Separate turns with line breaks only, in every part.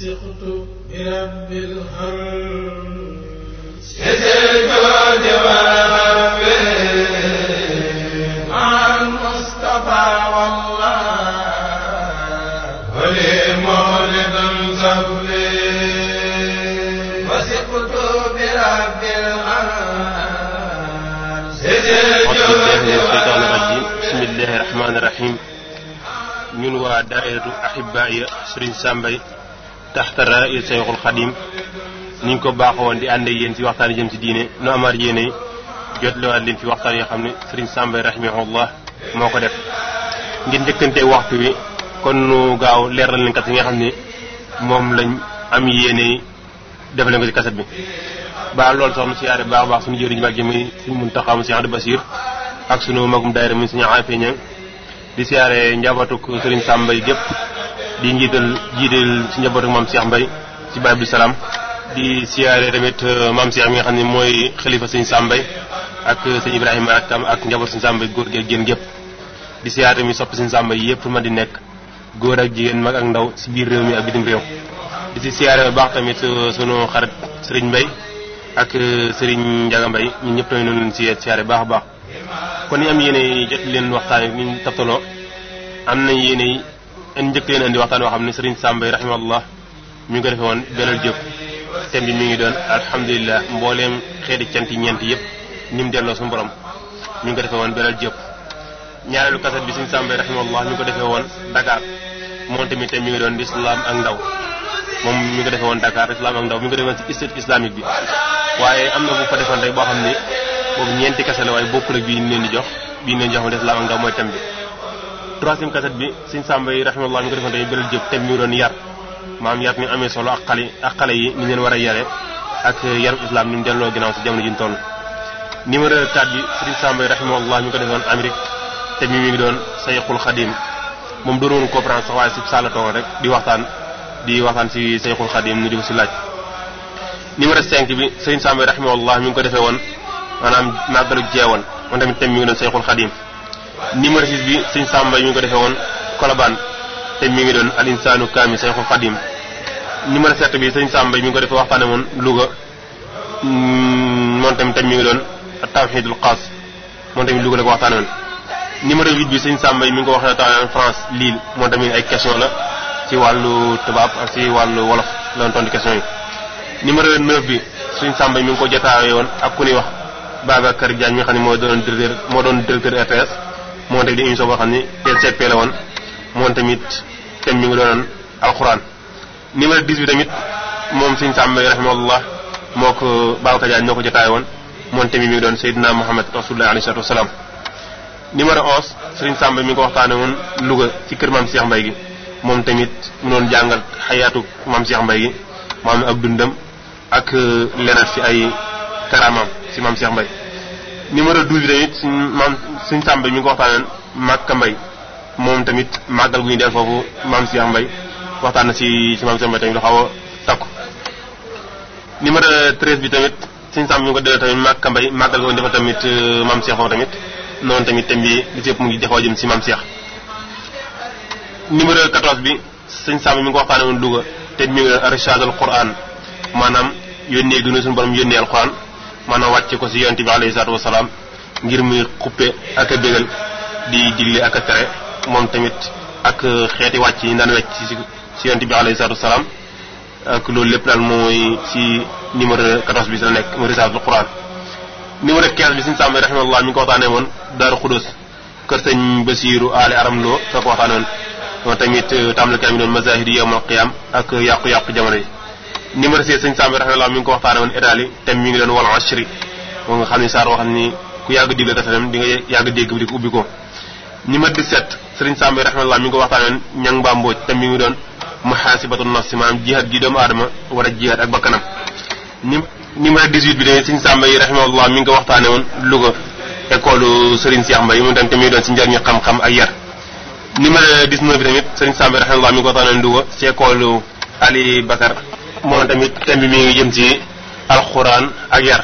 وثقت برب الهرم كذلك وجواب مع المصطفى والله ولي مولد زبلي وثقت
برب الهرم
بسم الله الرحمن الرحيم ñun waa daayiratu axibaa ya Serigne Sam Mbaye taxta ra'i Seyxul Xadim ni ñu ko baaxoon di ànd ak ci waxtaan jëm ci diine nu amaat yéene jotlewaat leen fi waxtaan yoo xam ne Serigne Samba rahimahullah moo ko def ngir njëkkante waxtu wi kon nu gaaw leeral leen kat yi nga xam ne moom lañ am yéene def leen ko ci kaset bi ba loolu soxna si yaare baax baax suñu jëriñ mag yi muy suñu Muntaxa si Abdou Basir ak sunu magum daayira muy suñu Afia Ñaŋ di siyaare njabootuk Serigne Samba yi gépp di njiital jiiteel ci njabootu maam Cheikh Mbaye ci Babou Salam di siyaare tamit euh, maam Cheikh mi nga xam ne mooy xalifa sëñ Sam mbay ak euh, sëñ Ibrahima ak ak njabootu sëñ góor geeg génn gépp di siyaare tamit soppi sëñ yëpp ma di nekk góor ak jigéen mag ak ndaw si biir réew mi ak bitim réew di si siyaare bu baax tamit euh, sunu xarit Serigne mbay ak Serigne Ndiaga Mbaye ñun ñëpp tamit noonu si siyaare baax a baax kon ñu am yéene jot leen waxtaan ni ñu taftaloo am na yéene njëkkee indi waxtaan woo xam ne Serigne Sam Mbaye rahimahullah mi ngi ko defee woon belal jëf thème bi mi ngi doon alhamdulilah mbooleem xeeti cant yi ñeent yëpp ni delloo su borom mi ngi defee woon belal jëf ñaareelu kaset bi Serigne Sam Mbaye rahimahullah mi ngi ko defee woon Dakar moom tamit thème mi ngi doon lislaam ak ndaw moom mu ngi ko defee woon Dakar lislaam ak ndaw mi ngi ko defee woon ci institut islamique bi waaye na bu fa defoon rek boo xam ne boobu ñeenti kaset la waaye bokkul ak bii leen di jox bii ñu leen di jox mu ndaw mooy thème bi troisième cassette bi sëñ Samba yi rahimahullah mi ko defoon tey Belal solo ak xale yi leen war a yare ak yarub islam ni mu delloo ginnaaw si jamono ji ñu toll. numéro 4 bi sëñ Samba yi rahimahullah mi ko defoon Amérique thème mi ngi doon Sayxul Xadim moom doon woon conférence sax waaye si saala toogoon rek di waxtaan di waxtaan si Sayxul Xadim ñu di ko si laaj. numéro 5 bi sëñ Samba yi rahimahullah mi ngi ko defee woon maanaam màggalu jeewoon moom tamit thème mi ngi doon Sayxul Xadim numéro 6 bi sëñ Samba mi ngi ko defee woon Colobane te mi ngi doon al insaanu kaamil Seexul Xadim numéro 7 bi sëñ Samba mi ngi ko defee waxtaane woon Louga mm, moom tamit mi ngi doon tawxiidul xaas moom tamit Louga la ko waxtaane woon numéro 8 bi sëñ Samba mi ngi ko waxee woon France lii moo tamit ay question la ci wàllu tubaab ak ci wàllu wolof la doon tontu question yi numéro 9 bi sëñ Samba mi ngi ko jotaawee woon ak ku ñuy wax Babacar Diagne mi nga xam ne moo doon directeur moo doon directeur RTS moo tamit di émission boo xam ne TCP la woon moom tamit thème ngi nga doonoon alquran numéro 10 bi tamit moom Sëriñ Sam Mbaye rahimahullah moo ko Babacar jaan ñoo ko jotaay woon moon tamit mi ngi doon Seydina Muhammad rasulullah alayhi salaatu wasalaam numéro 11 Sëriñ Sam Mbaye mi ngi ko waxtaane woon Louga ci kër maam Cheikh Mbaye gi moom tamit mu doon jàngal xayaatu maam Cheikh Mbaye gi maam ak dundam ak leneen ci ay karaamam ci maam Cheikh Mbaye numéro 12 bi tamit suñ maam suñ sàmba ngi ko waxtaanee Makka Mbay moom tamit màggal gu ñu def foofu maam Cheikh Mbay waxtaan na si si maam Cheikh Mbay tamit bi tamit suñ sàmba ñu ko delloo tamit Mbay màggal gu tamit euh, maam Cheikh foofu tamit noonu tamit thème bi li mu ngi joxoo jëm si maam seex numéro 14 bi suñ sàmba mu ngi ko waxtaanee woon Louga te mi ngi Irshadul Quran maanaam yónnee gi suñu borom yónnee alquran. mën a wàcce ko si yonent bi alayhi salaatu wasalaam ngir muy xuppe ak a bégal di digle ak a tere moom tamit ak xeeti wàcc yi daan wecc si si yonent bi a salaatu wasalaam ak loolu lépp daal mooy si numéro 14 bi si la nekk mu risalatul quran numéro 15 bi suñu sàmm rahimahullah mi ngi ko waxtaanee woon Daaru Xudus kër sëñ Basiiru Aali Aram Lo fa ko waxtaanee woon moom tamit tàmbali kaay mi doon mazahiri ak yàqu-yàqu jamono yi numéro si sëñ Samb rahimahullah mi ngi ko waxtaane woon Italie thème mi ngi doon wal ashri moo nga xam ne saar woo xam ni ku yàgg digle dafa di nga yàgg dégg bi di ko ubbi ko numéro 17 sëriñ Samb mi ngi ko waxtaane woon ñang baa mbooj mi ngi doon muhaasibatu nafsi maanaam jihaad ji doomu aadama war a jihaad ak bakkanam numéro 18 bi dañuy sëñ Samb yi rahimahullah mi ngi ko waxtaane woon Louga école si Cheikh Mbaye moom tamit mi ngi doon si njariñu xam-xam ak yar numéro 19 bi tamit sëriñ Samb rahimahullah mi ngi ko waxtaane woon Louga si école Ali Bakar moo tamit thème bi mi ngi ci alxuraan ak yar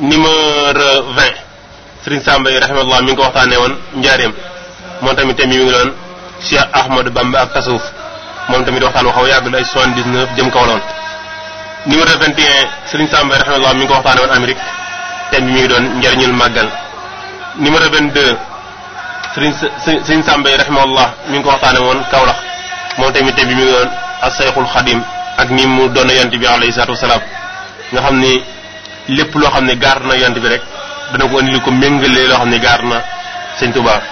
numéro 20 Serigne Samba mi ngi ko waxtaanee woon njaareem moom tamit thème bi mi ngi doon Cheikh Ahmadou Bamba ak tasawuf moom tamit waxtaan waxaw yàgg la ay 79 jëm kaw la woon numéro 21 yi rahimahullah mi ngi ko waxtaanee woon Amérique thème bi mi ngi doon njariñul màggal numéro 22 Serigne Serigne ngi ko waxtaanee woon Kaolack moom tamit thème mi ngi doon Asayxul Xadim ak ni mu doon yonent bi alayhi salaatu wasalaam nga xam ni lépp loo xam ne gaar na yonent bi rek dana ko indi li ko méngalee loo xam ne gaar na sëñ Tuubaa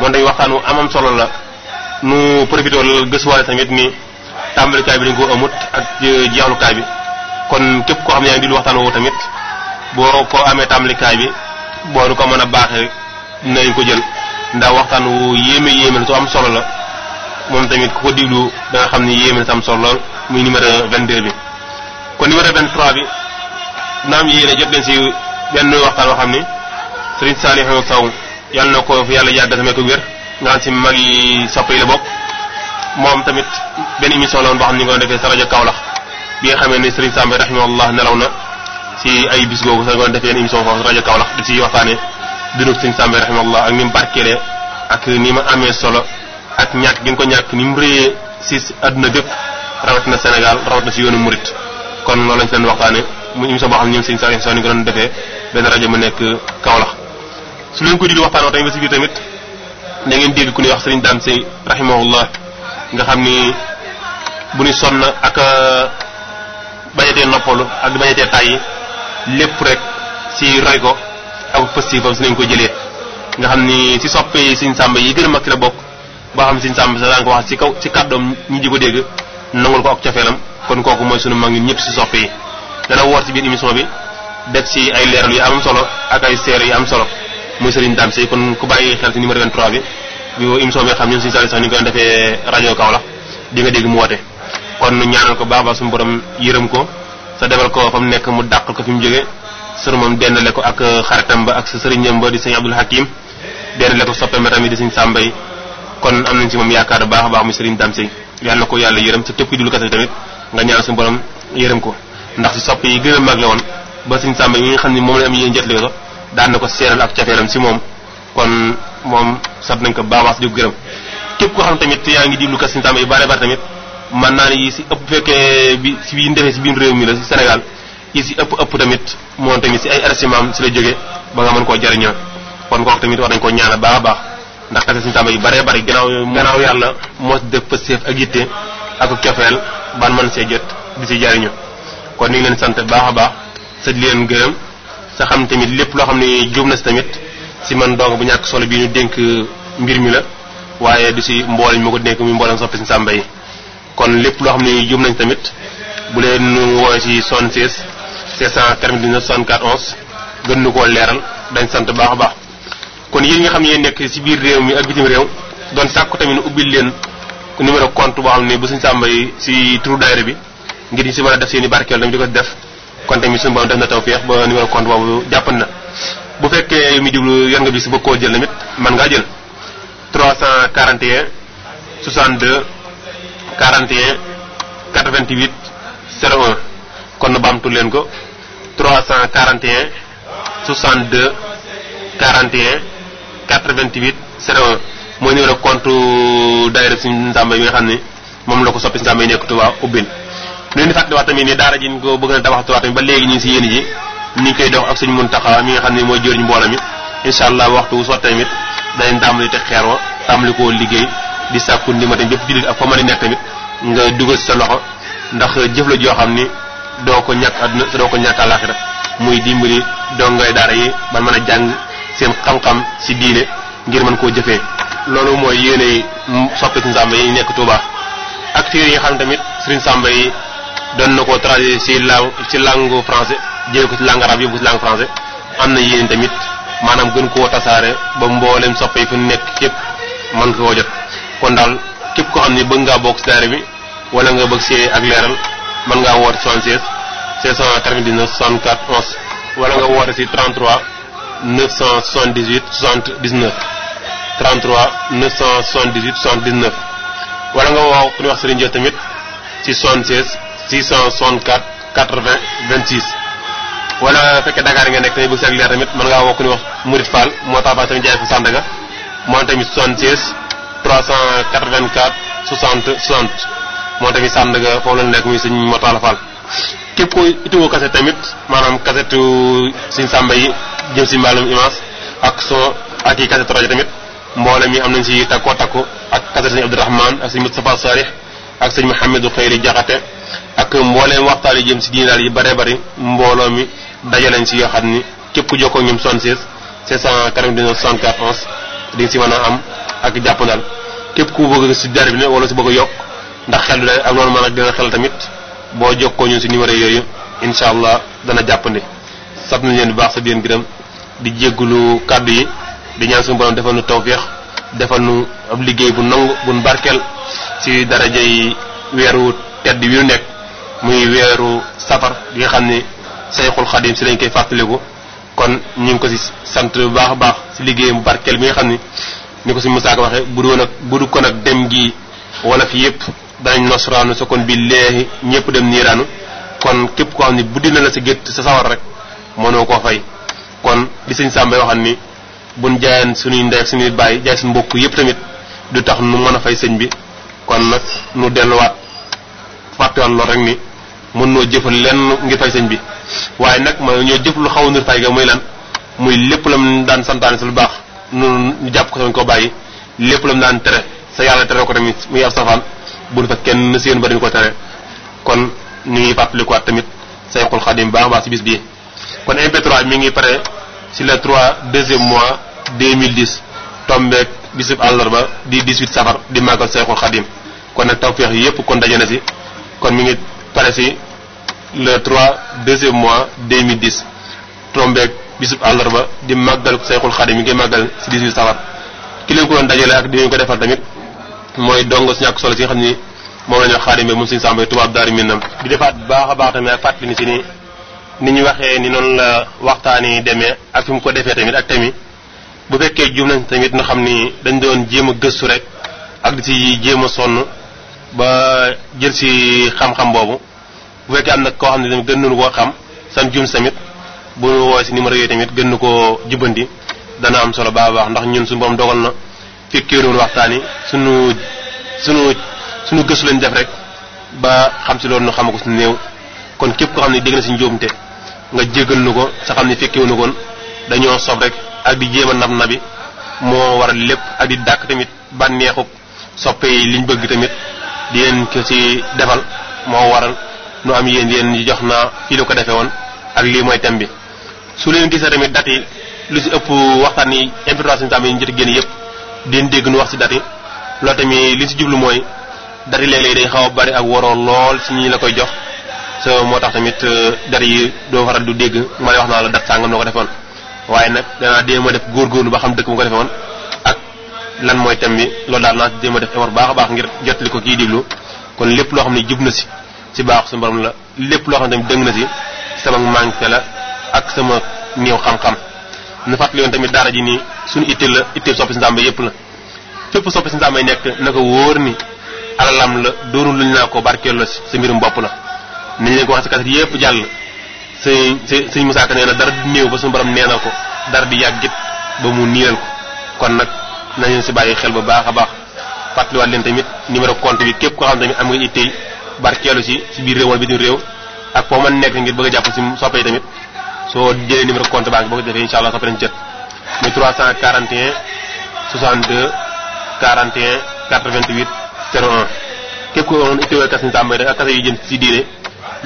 moom dañ waxtaan wu amam solo la nu profité la gëstuwaale tamit ni tàmbalikaay amut ak euh, jeexlukaay bi kon képp koo xam ne yaa ngi tamit boo ko amee tàmbalikaay bi boo nu ko mën a baaxee ko jël ndax waxtaan wu yéeme yéeme lu am solo la moom tamit ko diglu da nga xam ni yéeme solo lool muy numéro 22 bi. kon numéro 23 bi naam yéene jot nañ si benn waxtaan boo xam ni Serigne Saliou Sow yàlla na ko yàlla yàgg tamit ko wér nga xam si mag yi soppe yi la bokk tamit benn émission la woon boo xam ni nga defee sa rajo Kaolack bi nga xamee ni Serigne Samb rahimahullah nelaw na si ay bis googu sax nga defee defee yenn émission foofu rajo Kaolack di si waxtaanee dundu Serigne Samb rahimahullah ak ni mu barkeelee ak ni ma amee solo. ak ñàkk gi ko ñàkk ni mu si àdduna bépp rawat na Sénégal rawat na si yoonu murit kon loolu lañ fi leen waxtaane mu émission boo xam ne ñoom seen saa émission ni ko doon defee rajo mu nekk Kaolack su leen ko di waxtaanoo tamit ba si biir tamit da ngeen dégg ku ñuy wax sëriñ Dame Seye rahimahullah nga xam ni bu ñu sonn ak euh, bañatee noppalu ak bañatee tàyyi lépp rek si roy ko ak positif am si nañ ko jëlee nga xam ni si soppe sëriñ Samba yi gën a mag ci la bokk boo xam siñ sàmm sa daan ko wax ci kaw ci kàddoom ñi di ko dégg nangul ko ak cofeelam kon kooku mooy sunu mag ñun ñëpp si soppe yi dana woor ci biir émission bi def si ay leeral yu am solo ak ay seere yu am solo muy Serigne Dame Seye kon ku bàyyi xel si numéro 23 bi bi émission bi xam ñun suñu sali sax ni ñu koy defee rajo Kaolack di nga dégg mu woote kon ñaanal ko baax baax suñu borom yërëm ko sa defal ko fa mu nekk mu dàqal ko fi mu jóge sunu moom dendale ko ak xaritam ba ak sa sëriñam ba di sëñ Abdul Hakim dendale ko soppeem tamit di sëñ Sàmbay kon am nañ ci moom yaakaar baax a baax muy Serigne Dame Seye yàlla na ko yàlla yërëm ci képp ku jullu kasari tamit nga ñaan suñu borom yërëm ko ndax si sopp yi gën mag la woon ba Serigne Samba yi nga xam ne moom la am yéen jotli ko daan na ko seeral ak cafeeram si moom kon moom sat nañ ko baax baax di gërëm képp ko xam tamit yaa ngi jublu kat Serigne Samba yi bare bare tamit man naa ne yi si ëpp fekkee bi si biñ defee si biir réew mi la si Sénégal yi si ëpp ëpp tamit moom tamit si ay arrêtement si la jógee ba nga mën koo jariñoo kon kooku tamit war nañ koo ñaan baax a baax ndax tase suñu tàmba yu baree bari gannaaw gannaaw yàlla moo def fa seef ak yitte ak cofeel ban man see jot di si jariñu kon ni ngi leen sant baax a baax sa li leen gërëm sa xam tamit lépp loo xam ne juum na si tamit si man dong bu ñàkk solo bi ñu dénk mbir mi la waaye du si mboole ñu ma ko dénk muy mboolem soppi si sàmba yi kon lépp loo xam ne juum nañ tamit bu leen woowe si 76 799 74 11 gën ñu koo leeral dañ sant baax a baax kon yii nga xam ne yéen nekk ci biir réew mi ak bitim réew doon sàkku tamit nu ubbil leen numéro compte boo xam ne bu suñu sàmba yi ci turu daayira bi ngir ñu ci mën a def seen i barkeel tamit di ko def kon tamit suñu borom def na tawfeex ba numéro compte boobu jàppan na bu fekkee yu mu jublu yor nga bi si bëgg koo jël tamit man ngaa jël 341 62 41 88 01 kon na leen ko 341 62 41 428 01 mooy numéro compte daayira Serigne Samba yi nga xam ne moom la ko soppi Samba yi nekk Touba ubbil ñu leen fàttali wax tamit ni daara ji ñu ko bëgg na tamit ba léegi ñu ngi si yéen ji ñu ngi koy dox ak Serigne Mountakha mi nga xam ne mooy jëriñ mboolam mi incha allah waxtu wu sotti tamit danañ tàmbali teg xeer wa tàmbali koo liggéey di sàkku ndima tamit bépp jullit ak fa mën a nekk tamit nga dugal si sa loxo ndax jëf la joo xam ni doo ko ñàkk àdduna doo ko ñàkk àllaaxira muy dimbali dongay daara yi ba mën a jàng seen xam-xam ci diine ngir mën koo jëfee loolu mooy yéene soppi Sëriñ Samba yi nekk Touba ak téere yi nga xam tamit Sëriñ Samba yi doon na ko traduire si langue ci langue français jëlee ko ci langue arabe yóbbu ci langue français am na yéene tamit maanaam gën koo tasaare ba mboolem soppee yi fu nekk yépp mën koo jot kon daal képp ko xam ni bëgg ngaa bokk ci daara bi wala nga bëgg see ak leeral mën ngaa woote 76 699 64 11 wala nga woote ci 33 978 79 33 978 79 wala nga woo ku ñuy wax Serigne Dia tamit ci 76 664 80 26. wala fekkee Dakar nga nekk tamit bëgg si tamit mën ngaa woo ku ñuy wax Mouride Fall moo tax ba tamit jaay fa Sandaga moom tamit 76 384 60 60 moom tamit Sandaga foofu la nekk muy sëñ Mortala Fall. képp ko itoo kaset tamit maanaam kasetu suñ sàmba yi jëm si mbaalum image ak son ak yi kasetu rajo tamit mboolem mi am nañ si takkoo takku ak kaset sëñ Abdourahman ak sëñ Moustapha Sarix ak sëñ Mouhamadou Xayri Jaxate ak mbooleem waxtaan yi jëm si diine daal yi bare bari mbooloo mi daje nañ si yoo xam ni képp ku jokkoo ñoom 76 749 64 11 di si mën a am ak jàpp ndaal képp ku bëgg si jar bi ne wala si bëgg yokk ndax xel du day a xel tamit boo jokkoo ñun si numéro yooyu incha allah dana jàppandi sab na leen bu baax sa biir gërëm di jéggulu kàddu yi di ñaan suñu borom defal nu tawféex defal nu ab liggéey bu nangu bu nu barkeel si daraja yi weeru tedd wi nu nekk muy weeru safar bi nga xam ne sayxul xadim si lañ koy fàttaliku kon ñu ngi ko si sant bu baax a baax si liggéey bu barkeel bi nga xam ni ñu ko si Musaa Ka waxee bu doon ak bu du kon ak dem gi wala fi yëpp danañ nosraanu sa kon bi léegi ñëpp dem niiraanu kon képp koo xam ne buddi na la sa gétt sa sawar rek mënoo koo fay kon di sëñ Samba waxan ni buñ jaayeen suñuy ndey ak suñuy bàyyi jaay suñu mbokk yëpp tamit du tax nu mën a fay sëñ bi kon nag nu delluwaat fàttewoon lool rek ni mën noo jëfal lenn ngir sëñ bi waaye nag ma ñoo jëf lu xaw a nir fay ga muy lan muy lépp lam daan santaane si lu baax nu jàpp ko sañ ko bàyyi lépp lam daan tere sa yàlla tere ko tamit muy ab safaan buñ fa kenn seen ba dañu ko tere kon ñu ngi fàttalikuwaat tamit Sayxul Xadim baax baax ci bis bii kon MP3 mi ngi pare si le 3 deuxième mois deux 2010 tombeek bisub àllarba di 18 safar di màggal Sayxul Xadim kon nag tawféex yépp kon daje na si kon mi ngi pare si le 3 deuxième mois 2010 tombeek bisub àllarba di màggal Sayxul Xadim mi ngi màggal si 18 safar ki leen ko doon dajale ak di ko defal tamit. mooy dongo si ñàkk solo si nga xam ni moom la ñu wax xaadim bi moom suñu sàmbay tubaab daari minnam di defaat baax a baax tamit ak fàttali ni si ni ni ñu waxee ni noonu la waxtaan yi demee ak fi mu ko defee tamit ak tamit bu fekkee jum nañ tamit ñu xam ni dañ doon jéem a gëstu rek ak di si jéem a sonn ba jël si xam-xam boobu bu fekkee am nag koo xam ne tamit gën nañu koo xam sam jum tamit bu ñu woowee si numéro yooyu tamit gën na koo jubbanti dana am solo baax a baax ndax ñun suñu borom dogal na fekkeeroon waxtaan yi sunu sunu sunu gëstu lañ def rek ba xam si loolu nu xama ko suñu néew kon képp ko xam ne dégg na si njuumte nga jégal nu ko sa xam ne fekkewu nu dañoo sob rek ak di jéem a nab nabi moo waral lépp ak di dàq tamit bànneexu soppe yi liñ bëgg tamit di leen ko si defal moo waral nu am yéen yéen jox na fii la ko defe woon ak lii mooy thème bi su leen gisee tamit date yi lu si ëpp waxtaan yi implication bi tam yi njëkk génn yëpp den dégg nu wax ci dati loolu tamit li si jublu mooy dati léeg-léeg day xaw a bari ak waroo lool ci ñi la koy jox so moo tax tamit euh, dati yi doo faral du dégg ma lay wax naa la dat sàngam noo ko defoon waaye nag danaa déem a def góorgóorlu ba xam dëkk mu ko defoon ak lan mooy thème bi loolu daal naa dée ma def effort baax a baax ngir jotli ko kii déglu kon lépp loo xam ne jub na si si baax su borom la lépp loo xam ne tamit dëng na si sama manque la ak sama néew xam-xam na fàttali woon tamit daara ji nii suñu itteel la itteel soppi si Samba yëpp la fépp soppi si Samba nekk na ko wóor ni alalam la doonul luñ naa ko barkeeloo sa mbirum bopp la. nañ leen ko wax si kaset yëpp jàll sëñ sëñ Moussa Ka nee na dara di néew ba suñu borom nee na ko dara di yàggit ba mu niilal ko kon nag nañ leen si bàyyi xel bu baax a baax fàttaliwaat leen tamit numéro compte bi képp koo xam tamit am nga itteel barkeelu si si biir réew wala bitim réew ak foo mën nekk ngir bëgg jàpp si soppe yi tamit. soo jëlee numéro compte banque boo ko defee incha allah soo ko jot muy 341 62 41 88 01. képp ku woon itteewal kas ni tàmbali rek ak kase yu jëm ci diine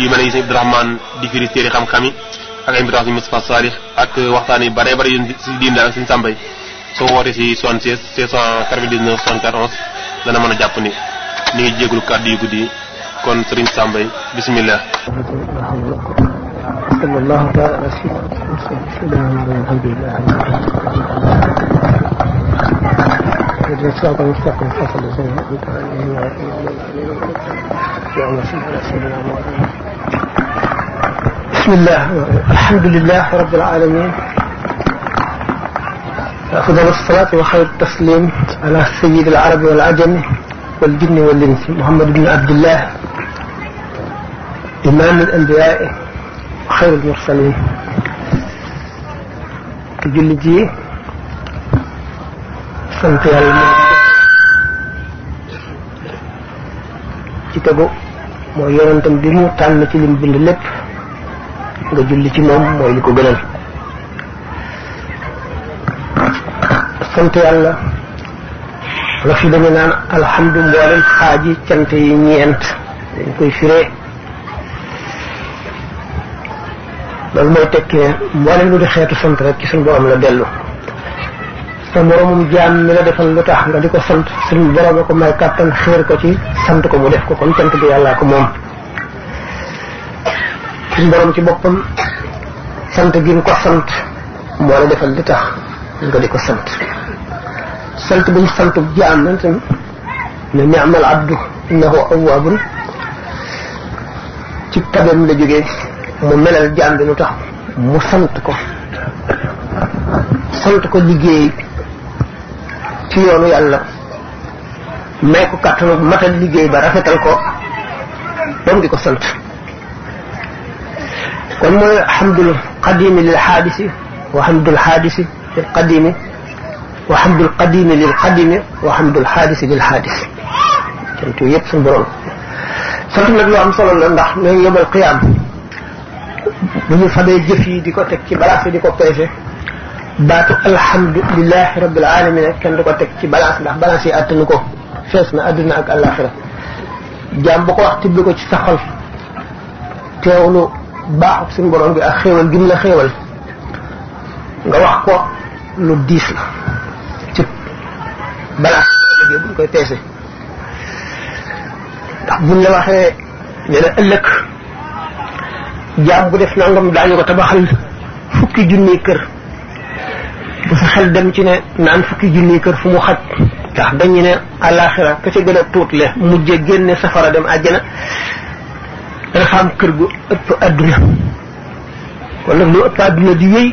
yu mel ne Sëñ Abdourahmane di firi téere xam-xam yi ak invitation Moustapha Salih ak waxtaan yu bare bare yu ci diine daal ak Sëñ Samba yi soo wootee ci 76 699 64 11 dana mën a jàpp ni ñu ngi jégalu kàddu yu guddi kon Serigne Samba yi
bisimilah. صلى الله تعالى على سيدنا محمد الحمد لله اهدنا الصراط المستقيم صراط الذين انعمت عليهم غير المغضوب بسم الله الحمد لله رب العالمين أفضل الصلاة وخير التسليم على سيد العرب والعجم والجن والإنس محمد بن عبد الله إمام الأنبياء xayrul mursalin te julli ji sant yàlla moom ci tegu mooy yonentam bi mu tànn ci lim bind lépp nga julli ci moom mooy li ko gënal sant yàlla la fi dañu naan alhamdu mboolem xaaji cant yi ñeent dañ koy firee loolu mooy tekki ne mboolem lu di xeetu sant rek ci suñu borom la dellu sa moromum jaam mi la defal lu tax nga di ko sant suñu borom a ko may kàttan xéer ko ci sant ko mu def ko kon sant bi yàllaa ko moom suñu ci boppam sant gi nga ko sant moo la defal li nga di ko sant sant buñ sant jaam nañ tam ne ni'mal abdu innahu awwabun ci tabem la jógee mu melal jaam bi lu tax mu sant ko sant ko liggéey ci yoonu yàlla may ko kàttanu matal liggéey ba rafetal ko moom di ko sant kon mooy xamdul qadimi lil xaadisi wa xamdul xaadisi lil qadimi wa xamdul qadimi lil qadimi wa xamdul xaadisi lil xaadisi sant yëpp suñu borom sant nag lu am solo la ndax ñooy yóbbal qiyaam bu ñu fabee yi di ko teg ci balance di ko peese baatu alhamdulilahi rabbil alamina kenn du ko teg ci balance ndax balance yi ko fees na àdduna ak àllaaxira jaam ko wax tibb ko ci sa xol teewlu baaxub suñu borom bi ak xéewal gim la nga wax ko lu diis la ci balance bi buñ koy peese ndax buñ jaam bu def nangam daañu ko tabaxal fukki junniy kër bu sa xel dem ci ne naan fukki junniy kër fu mu xaj ndax dañu ne àllaaxira ka ca gën a tuut le mujje génne safara dem àjjana dafa am kër gu ëpp àdduna kon lu ëpp àdduna di wéy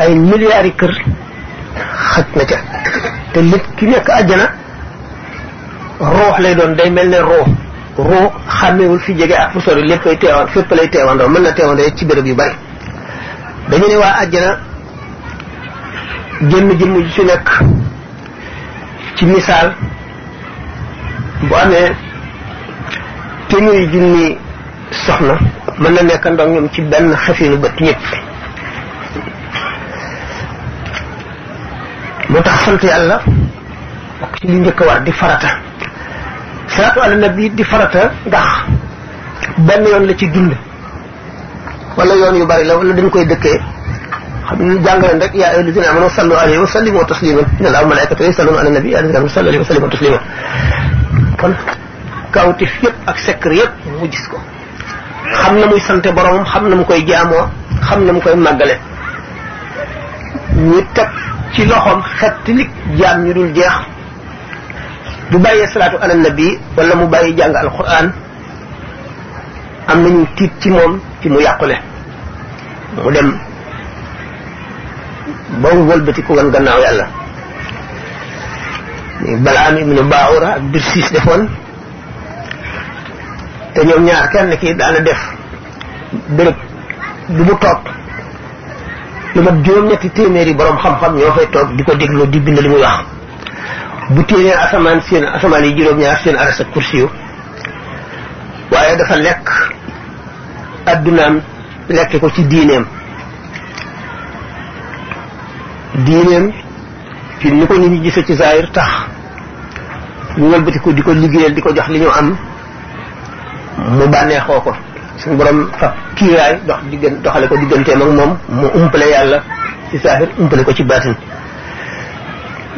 ay milliards yi kër xaj na ca te lépp ki nekk àjjana roox lay doon day mel ne roox ruu xàmmewul fi jege ak fu sori lépp ay teewaan fépp lay teewandoo mën na teewandoo ci béréb yu bari dañu ne waa àjjana jëmm jëmm ju ci nekk ci misaal bu amee téeméeri junni soxna mën na nekk ndox ñoom ci benn xefinu bët yépp moo tax sant yàlla ci li njëkk war di farata salaatu ala di farata ndax benn yoon la ci julli wala yoon yu bari la wala dañ koy dëkkee xam ñu jàngaleen rek yaa ayyuha allazina amanu sallu alayhi wa sallimu wa tasliman inna allaha wa malaikatahu yëpp ak secret yëpp mu gis ko xam na muy sante boromam xam na mu koy jaamoo xam na mu koy màggale ñu teg ci loxoom xetti lig jaam ñu dul jeex du bàyyee salaatu na bi wala mu bàyyi jàng alquran am nañu tiit ci moom ci mu yàqule mu dem ba wëlbati ko wan gannaaw yàlla ni balaam ibnu baawura ak bir siis defoon te ñoom ñaar kenn kii daana def bërëb du mu toog lu mat juróom-ñetti téeméeri borom xam-xam ñoo fay toog di ko déglu di bind li muy wax bu téenee asamaan seen asamaan yi juróom-ñaar seen aras ak kursi yu waaye dafa lekk addunaam lekke ko ci diineem diineem ci ni ko nit ñi gise ci zaahir tax ñu wëlbatiku di ko liggéeyal di ko jox li ñu am mu bànneexoo ko suñu borom fa kiiraay dox ko digganteem ak moom mu umpale yàlla ci zaahir umpale ko ci baatin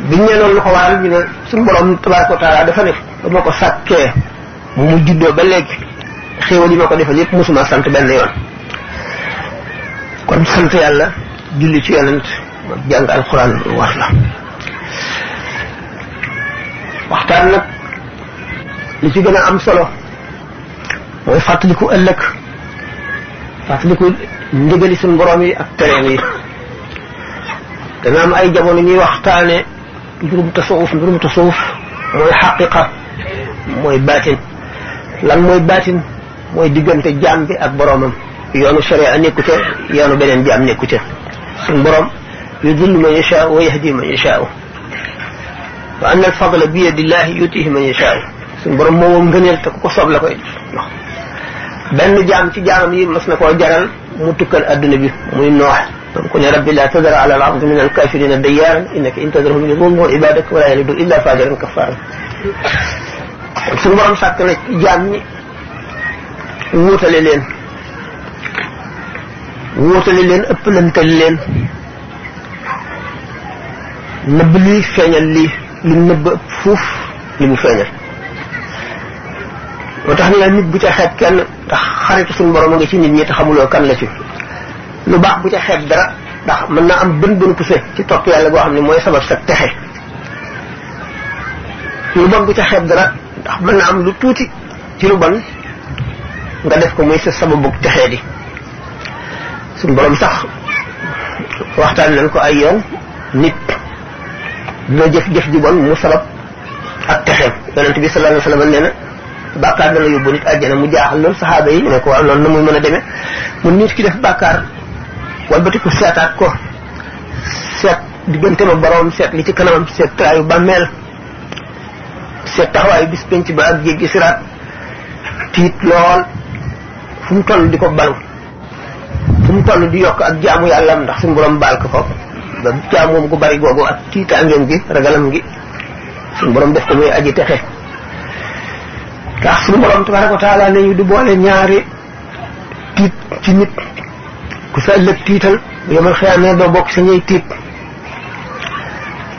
biñ ne loolu lu ko waral ñu ne suñu borom tabaraka wa dafa ne ba ma ko sàkkee mu juddoo ba léegi xéewal yi ma ko defal yépp mosuma sant benn yàlla julli ci yonent jàng alxuraan war la waxtaan nag li ci gën a am solo mooy fàttaliku ëllëg fàttaliku ndigali suñu borom yi ak tereem yi dana am ay jamono ñuy waxtaane mbirum tasawuf mbirum tasawuf mooy xaqiqa mooy baatin lan mooy baatin mooy diggante jaam bi ak boroomam yoonu sharia nekku ca yoonu beneen jaam nekku ca suñ boroom yudillu man yashaa wa yahdi man yashaa wa anna al fadla bi yadillahi yutihi man yashaa suñ boroom moo moom ngëneel te ku ko soob la koy jox benn jaam ci jaamam yi mas na koo jaral mu tukkal adduna bi muy noox doon ku ne rabbi la tadara ala al ardi min al kafirina dayyaaran innaka in tadarhum yudillu ibadak wala yalidu illa fajiran kafaara kon suñu borom sàkk na jaam ñi wuutale leen wuutale leen ëpplantale leen nëbb lii feeñal lii li mu nëbb ëpp fuuf li mu feeñal moo tax ñu naan nit bu ca xeet kenn ndax xaritu suñu borom a xamuloo kan la ci lu baax bu ca xeeb dara ndax mën naa am bën bën poussé ci topp yàlla boo xam ne mooy sabab sa texe lu bon bu ca xeeb dara ndax mën naa am lu tuuti ci lu bon nga def ko muy sa sababu texee di suñ borom sax waxtaan lañ ko ay yoon nit dina jëf jëf ju bon mu sabab ak texeem yonent bi sallallahu alayhi wa sallam nee na bàkkaar dana yóbbu nit àjjana mu jaaxal loolu saxaaba yi ne ko waaw loolu na muy mën a demee mun nit ki def bàkkaar walbatiku seetaat ko seet diggante ma boroom seet li ci kanamam seet traayu bàmmeel seet taxawaayu bis penc ba ak jéggi siraat tiit lool fu mu toll di ko balu mu toll di yokk ak jaamu yàlla ndax suñu borom baal ko ko ba jaamoom gu bari googu ak tiitaangeem gi ragalam gi suñu borom def ko muy aji texe ndax suñu borom tabaraka wa taala boole ñaari tiit ci nit ku sa ëllëg tiital bu yemal xiyaamee doo bokk sa ñuy tiit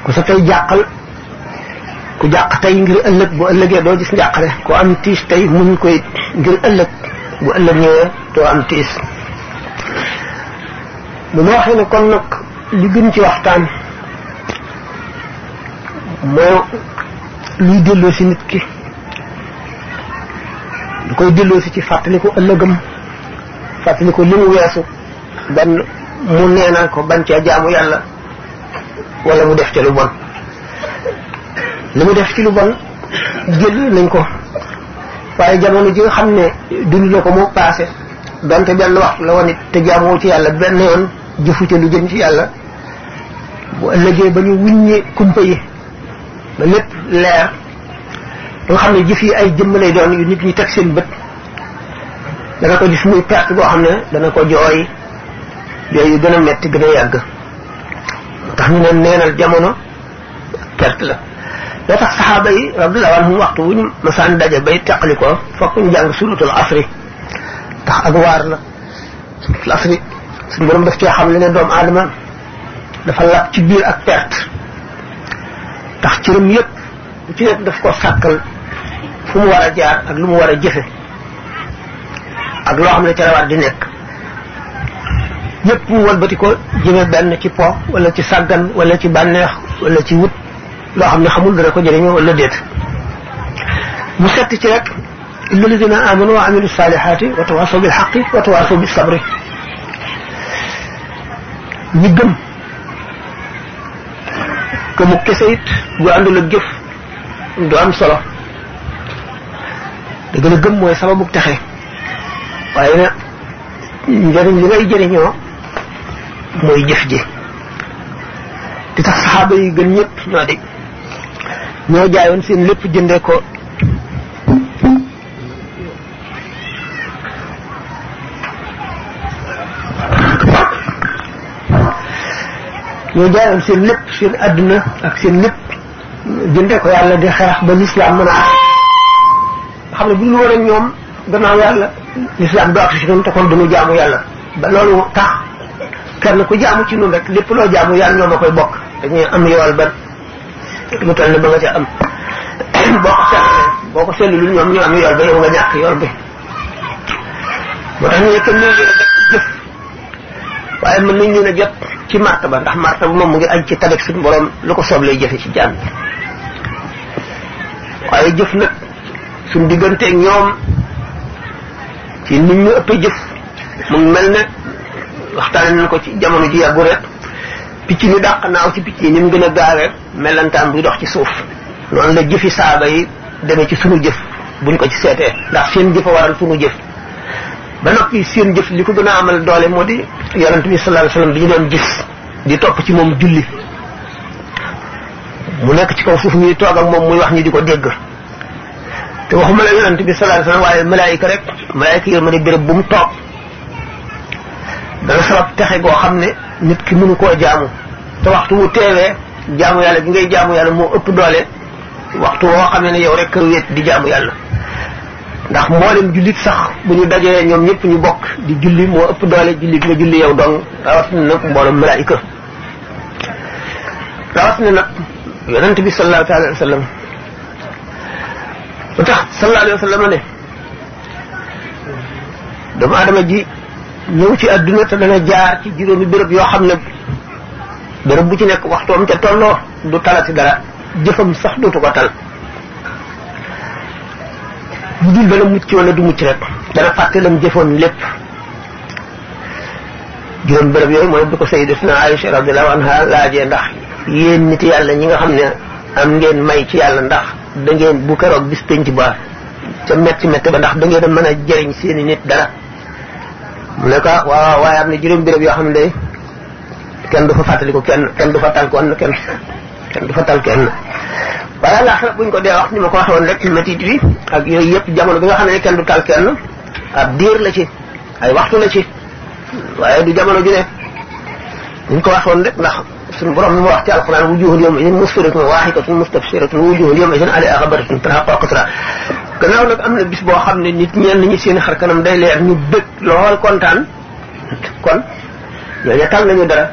ku sa tey jàqal ku jàq tey ngir ëllëg bu ëllëgee doo gis njàqare ku am tiis tey muñ koy ngir ëllëg bu ëllëg ñëwee doo am tiis bu ma waxee ne kon nag li gën ci waxtaan mooy luy delloo si nit ki lu koy delloo si ci fàttaliku ëllëgam fàttaliku li mu weesu ban mu neenal ko ban caa jaamu yàlla wala mu def ca lu bon li mu def ci lu bon jël nañ ko waaye jamono ji xam ne dund na ko mu paase donte benn waxtu la woon te jaamoo ci yàlla benn yoon jëfu ca lu jëm ci yàlla bu ëllëgee ba ñu wuññee kumpa yi ba lépp leer nga xam ne jëf yi ay jëmm lay doon yu nit ñi teg seen bët dana ko gis muy perte boo xam ne dana ko jooy yooyu gën a metti gën a tax ñu ne neenal jamono perte la loo tax saxaaba yi radiyallahu anhum waxtu wu ñu masaan daje bay teqali ko fokk ñu jàng suratul asri tax ak waar la suratul asri suñu borom daf cee xam le doom doomu aadama dafa ci biir ak perte tax cëram yépp ci nekk daf ko sàkkal fu mu jaar ak lu mu war a jëfe ak loo xam ne ca la nekk yépp walbati ko jëme benn ci po wala ci sàggan wala ci bànneex wala ci wut loo xam ne xamul dana ko jëriñoo wala déet mu sett ci rek illa alladina amanu wa amilu salihaati wa tawasaw bil xaqi wa tawasaw sabri ñi gëm que mu kese it bu àndul ak am solo da gën a gëm mooy sababu texe waaye na njëriñ li ngay mooy jëf ji di tax saxaaba yi gën ñëpp ñoo de ñoo jaayoon seen lépp jëndee ko ñoo jaayoon seen lépp seen àdduna ak seen lépp jëndee ko yàlla di xeex ba lislaam mën a am xam ne bu dul woon ñoom gannaaw yàlla lislaam du ak si ñoom te kon dañu jaamu yàlla ba loolu tax kenn ko jaamu ci nun rek lépp loo jaamu yaa ñoo ma koy bokk dañuy am yool ba mu toll ne ba ca am boo ko seetlu boo ko seetlu ñoom ñu am ba yow nga ñàkk yool bi moo tax ñu ne waaye mën nañ leen jot ci marta ba ndax marta ba moom mu ngi aj ci tabek suñu borom lu ko soob lay jëfe ci jàmm waaye jëf nag suñ diggante ñoom ci nit ñu ëpp jëf mu mel ne waxtaane na ko ci jamono ji yàggu rek picc mi dàq naaw ci picc yi ni mu gën a gaawee mellantaan buy dox ci suuf noonu la jëfi saaba yi demee ci sunu jëf buñ ko ci seetee ndax seen jëf a waral sunu jëf ba noppi seen jëf li ko gën a amal doole moo di yonent bi sallallahu alayhi wasallam bi ñu doon gis topp ci moom julli nekk ci kaw moom muy wax ñi di ko dégg te waxuma la yonent bi sallallahu alayhi wasallam waaye malaayika rek malaayika yër ma ni bërëb bu mu toog dana sabab texe goo xam ne nit ki mënu koo jaamu te waxtu wu teewee jaamu yàlla bi ngay jaamu yàlla moo ëpp doole waxtu woo xam ne ne yow rek wéet yàlla ndax mboolem jullit sax bu ñu dajee ñoom ñëpp ñu bokk di julli moo ëpp doole julli nga julli yow dong rawat na nag mboolem malaayika rawat na nag yonent bi sallallahu alayhi wa sallam tax sallallahu alayhi wa sallam ne doomu aadama ji ñëw ci adduna te dana jaar ci juróomi bërëb yoo xam ne bërëb bu ci nekk waxtoom ca tolloo du talati dara jëfam sax dootu ko tal bu dul dana mucc wala du mucc rek dana fàtte lam jëfoon lépp juróom béréb yooyu mooy bu ko sayyidatuna Aïcha radiyallahu anha laajee ndax yéen nit yàlla ñi nga xam ne am ngeen may ci yàlla ndax da ngeen bu keroog bis penc ba ca metti metti ba ndax da ngeen mën a jëriñ seeni nit dara mu ne ko waaw waaye am na juróom béréb yoo xam ne kenn du fa fàttaliku kenn kenn du fa tal kenn kenn du fa tal kenn waaye àllaaxira buñ ko dee wax ni ma ko waxoon rek ci métit bi ak yooyu yëpp jamono bi nga xam ne kenn du tal kenn ab diir la ci ay waxtu la ci waaye du jamono ju ne buñ ko waxoon rek ndax suñu borom ni mu wax ci alxuraan wujuhun yawma idin musfiratun waaxikatun mustabsiratun wujuhun yawma idin aleyhaa ghadabatun tarhaquhaa qatraa gannaaw nag am na bis boo xam ne nit ñenn ñi seen xar kanam day leer ñu bëgg lool kontaan kon ñooñu tal nañu dara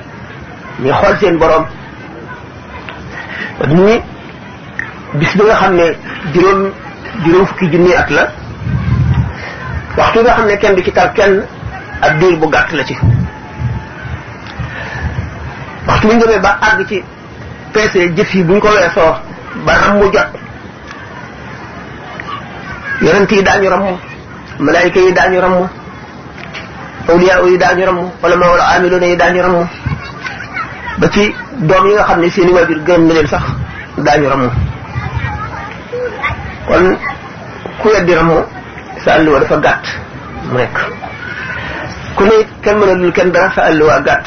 ñu xool seen boroom ñi bis bi nga xam ne juróom juróom fukki junni la waxtu nga xam ne kenn du ci tal kenn ak diir bu gàtt la ci waxtu bu ñu demee ba àgg ci peese jëf yi buñ ko weesoo ba am mu jot yonent yi daañu ramm malaayika yi daañu ramm awliya yi daañu ramm wala ma wala amiluna yi daañu ramm ba ci doom yi nga xam ne seeni waajur gërëm na leen sax daañu ramm kon ku weddi ramm sa àlluwa dafa gàtt mu nekk ku ne kenn lu kenn dara sa àlluwa gàt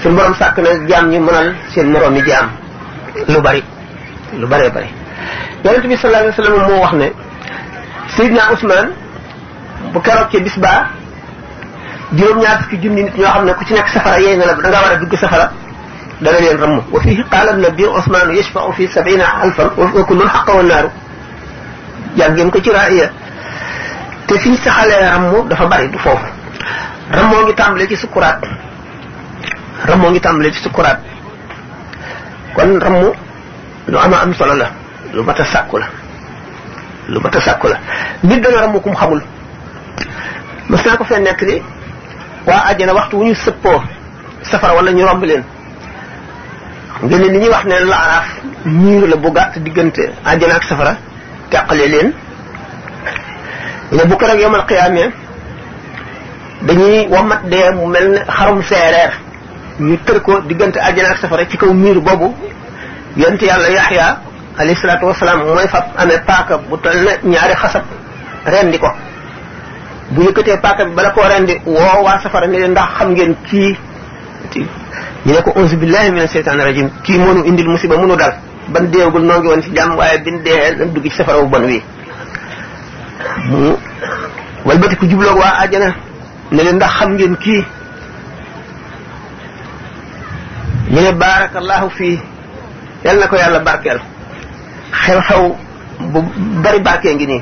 suñu borom sàkk na jaam ñi mënal seen moroom yi jaam lu bari lu baree bari yonent bi sallallahu alayhi wa sallam moo wax ne Seydina Ousmane bu keroog ci bis baa juróom-ñaar fukki junni nit ñoo xam ne ku ci nekk safara yey na la da nga war a dugg safara dana leen ramm wa fihi qaala nabi Ousmane yashfa'u fi sab'ina alfan wa kullun haqqa wa naaru jàng ngeen ko ci raaya te fi ñu saxalee ramm dafa bari du foofu rammoo ngi tàmbalee ci sukuraat rammoo ngi tàmbalee ci sukuraat kon ramm lu ama am solo la lu mat a sàkku la lu mat a sàkku la nit dana ramu kum xamul mas naa ko fee nekk li waa àjjana waxtu wu ñu sëppoo safara wala ñu romb leen nga ne ni ñuy wax ne laaraaf miir la bu gàtt diggante àjjana safara teqale leen ne bu ko rek yomal xiyaamee dañuy wamat dee mu mel ne xarum seereer ñu tër ko diggante àjjana ak safara ci kaw miir boobu yonent yàlla yaxya alayhi salaatu wasalaam mooy fab amee paaka bu toll ne ñaari xasab rendi ko bu yëkkatee paaka bi bala koo rendi woo safara xam ngeen kii ñu ne ko auzu billahi mina kii mënu indil musiba mënu dal ban deewagul noo ngi woon ci dugg ci bon wi mu ndax xam ngeen kii ñu ne baarakallahu fii yal na ko yàlla barkeel xew-xew bu bari barkee ngi nii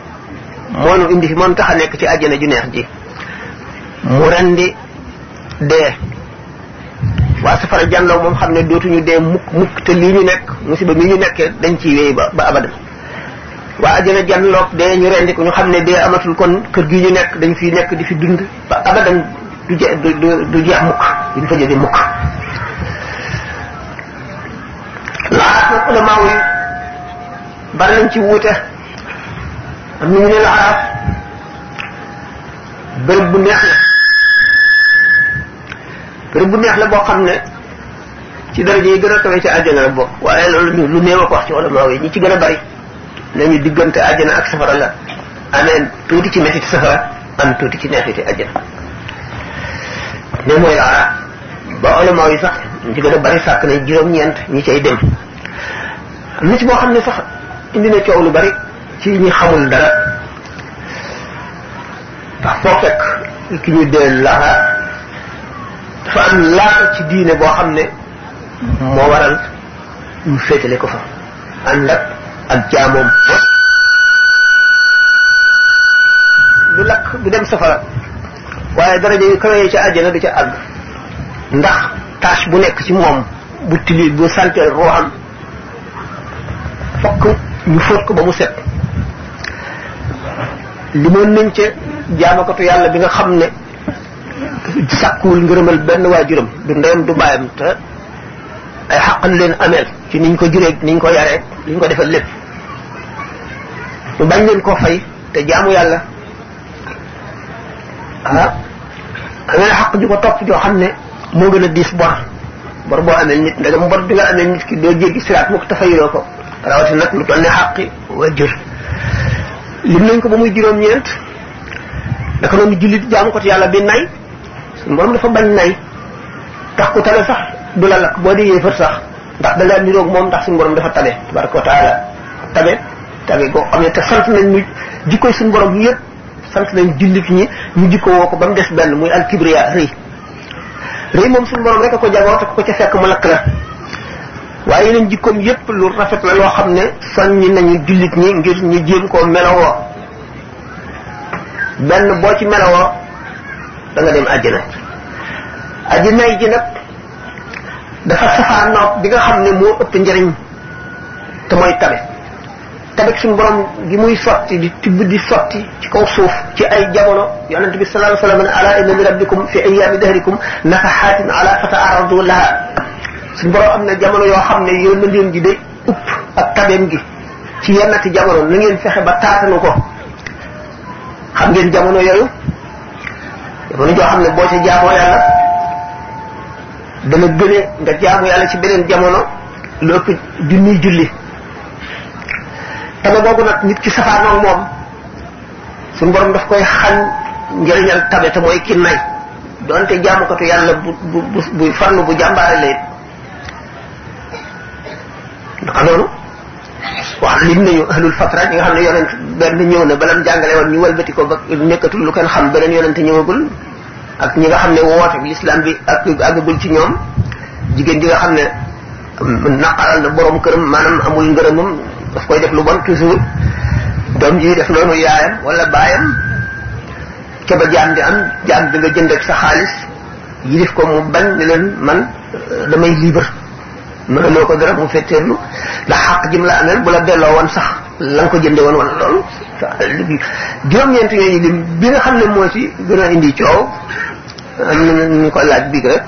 moo nu indi fi moo tax a nekk ci àjjana ju neex ji mu rendi dee waa safara jànloo moom xam ne dootuñu dee mukk mukk te lii ñu nekk musiba mii ñu nekkee dañ ciy wéy ba ba abada waa àjjana jànloog dee ñu rendi ko ñu xam ne dee amatul kon kër gi ñu nekk dañ fiy nekk di fi dund ba abadan du je du jeex mukk duñ fa jóge mukk laa ulama yi bari nañ ci wuute am na ñu ne la arab bërëb bu neex la bërëb bu neex la boo xam ne ci daraja yi gën a kawe ci àjjana la bokk waaye loolu lu néew a ko wax ci wala maa ngi ñi ci gën a bari nañu diggante àjjana ak safara la amee tuuti ci métti safara am tuuti ci neexiti àjjana ne mooy arab ba olamaa yi sax ñu ci gën a bari sàkk nañ juróom-ñeent ñi cay dem am na ci boo xam ne sax indi na coow lu bari ci ñi xamul dara ndax foo fekk ki ñu dee laxa am laata ci diine boo xam ne moo waral ñu féetale ko fa ànd ak ak jaamoom du lakk du dem safara waaye daraja yu kawee ci àjjana du ca àgg ndax tâche bu nekk ci moom bu tilit bu salte ruuxam ñu fóot ko ba mu set limoon nañ ca jaamakatu yàlla bi nga xam ne sàkkuwul ngërëmal benn waajuram du ndeyam du bàyyam te ay xaqan leen ameel ci niñ ko juree niñ ko yaree niñ ko defal lépp mu bañ leen ko fay te jaamu yàlla ah amee xaq ju ko topp joo xam ne moo gën a diis bor bor boo amee nit ndegam bor bi nga amee nit ki doo jéggi siraat mu ko tafayiloo ko rawati nag lu toll ne xàqi wajur lim nañ ko ba muy juróom-ñeent daka noonu jullit jaamu ko ci yàlla bi nay suñu borom dafa bañ nay tax ku tale sax du la lakk boo di yéefar sax ndax da nga niroog moom ndax suñu borom dafa tabe tabaraka wa taala tabe tabe goo xam ne te sant nañ mu jikkoy suñu borom yëpp sant nañ jullit ñi ñu jikko woo ko ba mu des benn muy alkibriya rëy rëy moom suñu borom rek a ko jagoo te ko ci fekk mu lakk la waaye yeneen jikkoom yépp lu rafet la loo xam ne soññi nañu jullit ñi ngir ñu jéem koo melowoo benn boo ci melowoo da dem àjjana àjjana ji nag dafa safaanoog bi nga xam ne moo ëpp njëriñ te mooy tabe tabek gi muy sotti di tibb di ci kaw ci ay jamono yonente bi sallallahu alayhi wa sallam ala inna li rabbikum fi ayyaami dahrikum nafahatin ala fata aradu laha suñ borom am na jamono yoo xam ne yërmandeem gi day upp ak taben gi ci yennati jamono na ngeen fexe ba taatanu ko xam ngeen jamono yooyu jamono joo xam ne boo ca jaamoo yàlla dana gëne nga jaamu yàlla ci beneen jamono lu ëpp junniy julli tabe boobu nag ki safaanoog moom suñu daf koy xañ njëriñal tabe te mooy ki nay donte jaamukatu yàlla bu bu bu farlu bu jàmbaare naka loolu wax lim nañu ahlul fatra ñi nga xam ne yonent benn ñëw na balam jàngale woon ñu walbati ko ba nekkatul lu kenn xam beneen yonent ñëwagul ak ñi nga xam ne woote bi lislaam bi ak àggagul ci ñoom jigéen ji nga xam ne mm, naqaral na borom këram maanaam amul ngërëmam daf koy def lu bon toujours doom ji def noonu yaayam wala baayam ca ba jaam di am jaam bi nga jënd ak sa xaalis yilif ko mu bañ ne leen man damay libre mënaloo ko dara mu fetteerlu ndax xaq jëm la ameel bu la delloo woon sax lan ko jënde woon wan loolu juróom-ñeent yooyu xam ne moo ci gën a indi coow am na ñu ko laaj biig rek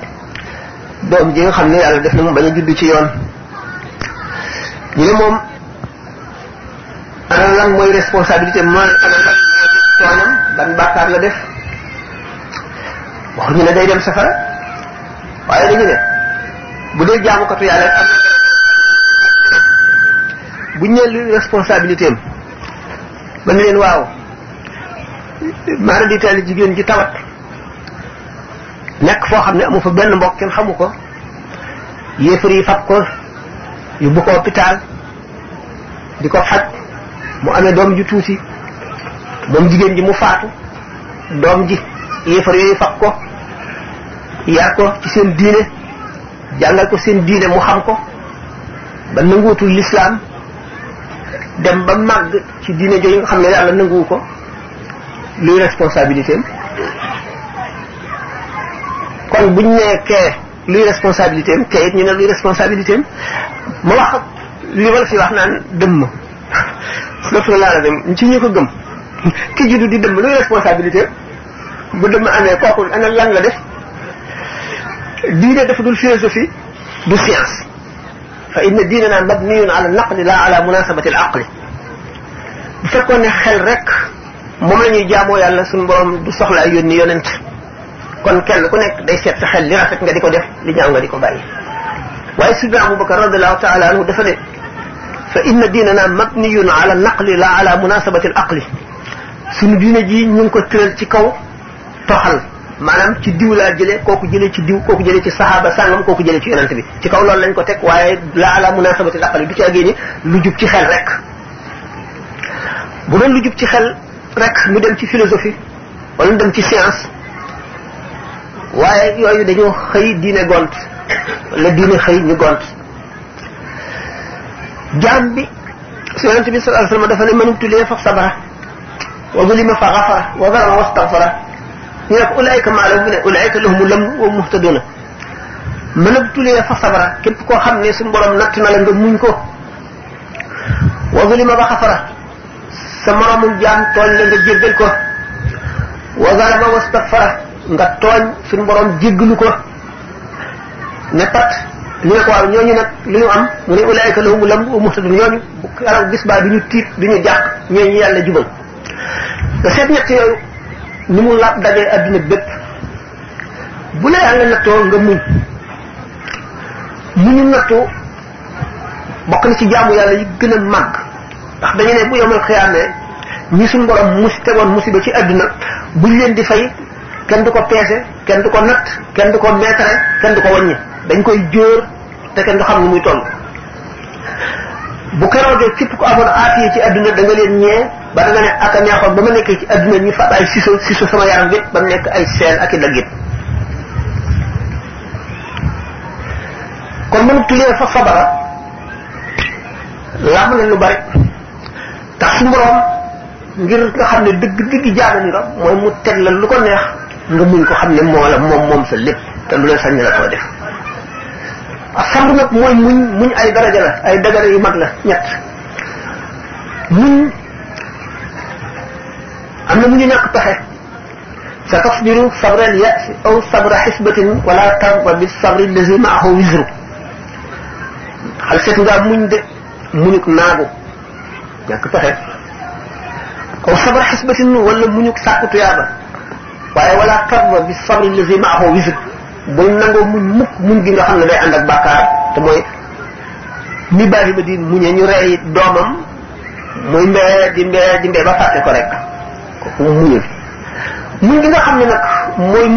doom ji nga xam ne yàlla def na mu bañ a judd ci yoon ñu ne moom ana lan mooy responsabilité mooy ana lan mooy ban bàkkaar la def waxuñu ne day dem safara waaye dañu ne bu dee jaamukatu yàlla am bu ñëwee lu responsabilité ba ne leen waaw maanaam di jigéen ji tawat nekk foo xam ne amu fa benn mbokk kenn xamu ko yéefar yi fab ko yóbbu ko hôpital di ko faj mu amee doom ju tuuti moom jigéen ji mu faatu doom ji yéefar yooyu fab ko yar ko ci seen diine jàngal ko seen diine mu xam ko ba nanguutul lislaam dem ba màgg ci diine jooju nga xam ne yàlla nanguwu ko luy responsabilité am kon buñ nee kee luy responsabilité am kee it ñu ne luy responsabilité am wax li wala fi wax naan dëmm surtout laa ci ñu ko gëm ki juddu di dëmm luy responsabilité bu dëmm amee kooku ana lan la def diine dafa dul philosophie du science fa inna diinana mabniyun ala naqli la ala munasabati al aqli bu fekkoon ne xel rek moom la ñuy jaamoo yàlla suñu borom du soxla ay yónni yonent kon kenn ku nekk day seet sa xel li rafet nga di ko def li ñaaw nga di ko bàyyi waaye sidna abubakar radiallahu taala anhu dafa ne fa inna diinana mabniyun ala naqli la ala munasabati al aqli suñu diine ji ñu ngi ko tëral ci kaw toxal maanaam ci diw laa jëlee kooku jële ci diw kooku jëlee ci saxaaba sàngam kooku jëlee ci yonent bi ci kaw loolu lañ ko teg waaye la ala munasabati laqali du ci àggee ni lu jub ci xel rek bu doon lu jub ci xel rek ñu dem ci philosophie wala ñu dem ci science waaye yooyu dañoo xëy diine gont la diine xëy ñu gont jaam bi su yonent bi sallallahu alayhi wasallam dafa ne mënum tulee fax sabara wa zulima fa xafara wa dara wastaxfara ñu ne ko ulaayka maalo bu ne ulaayka lahumul amnu wa muhtaduna mën a tulee fa sabara képp koo xam ne suñu borom natt na nga muñ ko wa zulima ba xafara sa moromum jaam tooñ la nga jéggal ko wa zalama wastagfara nga tooñ suñu borom jéggalu ko ne pat ñooñu nag lu ñu am mu wa muhtaduna ñooñu bu bis baa du ñu tiit du ñu jàq jubal ni mu laab dajee adduna bépp bu la yàlla nattoo nga muñ mu ñu nattoo bokk na ci jaamu yàlla yi gën a màgg ndax dañu ne bu yomal xiyaamee ñi suñ borom musi tegoon musiba ci adduna buñ leen di fay kenn du ko peese kenn du ko natt kenn du ko meetare kenn du ko wàññi dañ koy jóor te kenn du xam ni muy toll bu keroogee képp ku amoon aafiya ci adduna da nga leen ñee ba da ne ak a neexoon ba ma nekkee ci adduna ñu fat ay siso siso sama yaram bi ba mu nekk ay seen ak i daggit kon mënu tuddee fa sabara làmb na lu bare tax su mboroom ngir nga xam ne dëgg dëgg jaadani la mooy mu teg la lu ko neex nga muñ ko xam ne moo la moom moom sa lépp te lu la sañ la def sabr nag mooy muñ muñ ay daraja la ay dagale yu mag la ñett muñ am na mu ñu ñàkk pexe sa tasbiru sabran yasi aw sabra xisbatin wala tarda bi sabri lazi maahu wisru xal seet ngaa muñ de muñuk naagu ñàkk pexe aw sabra xisbatin wala muñuk sàkku tuyaaba waaye wala tarda bi sabri lazi maahu wisru bul nangoo muñ mukk muñ gi nga xam ne day ànd ak bàkkaar te mooy ni Ibrahima di muñe ñu rey doomam muy mbee di mbee di mbee ba fàtte ko rek kooku xam ne nag njëriñ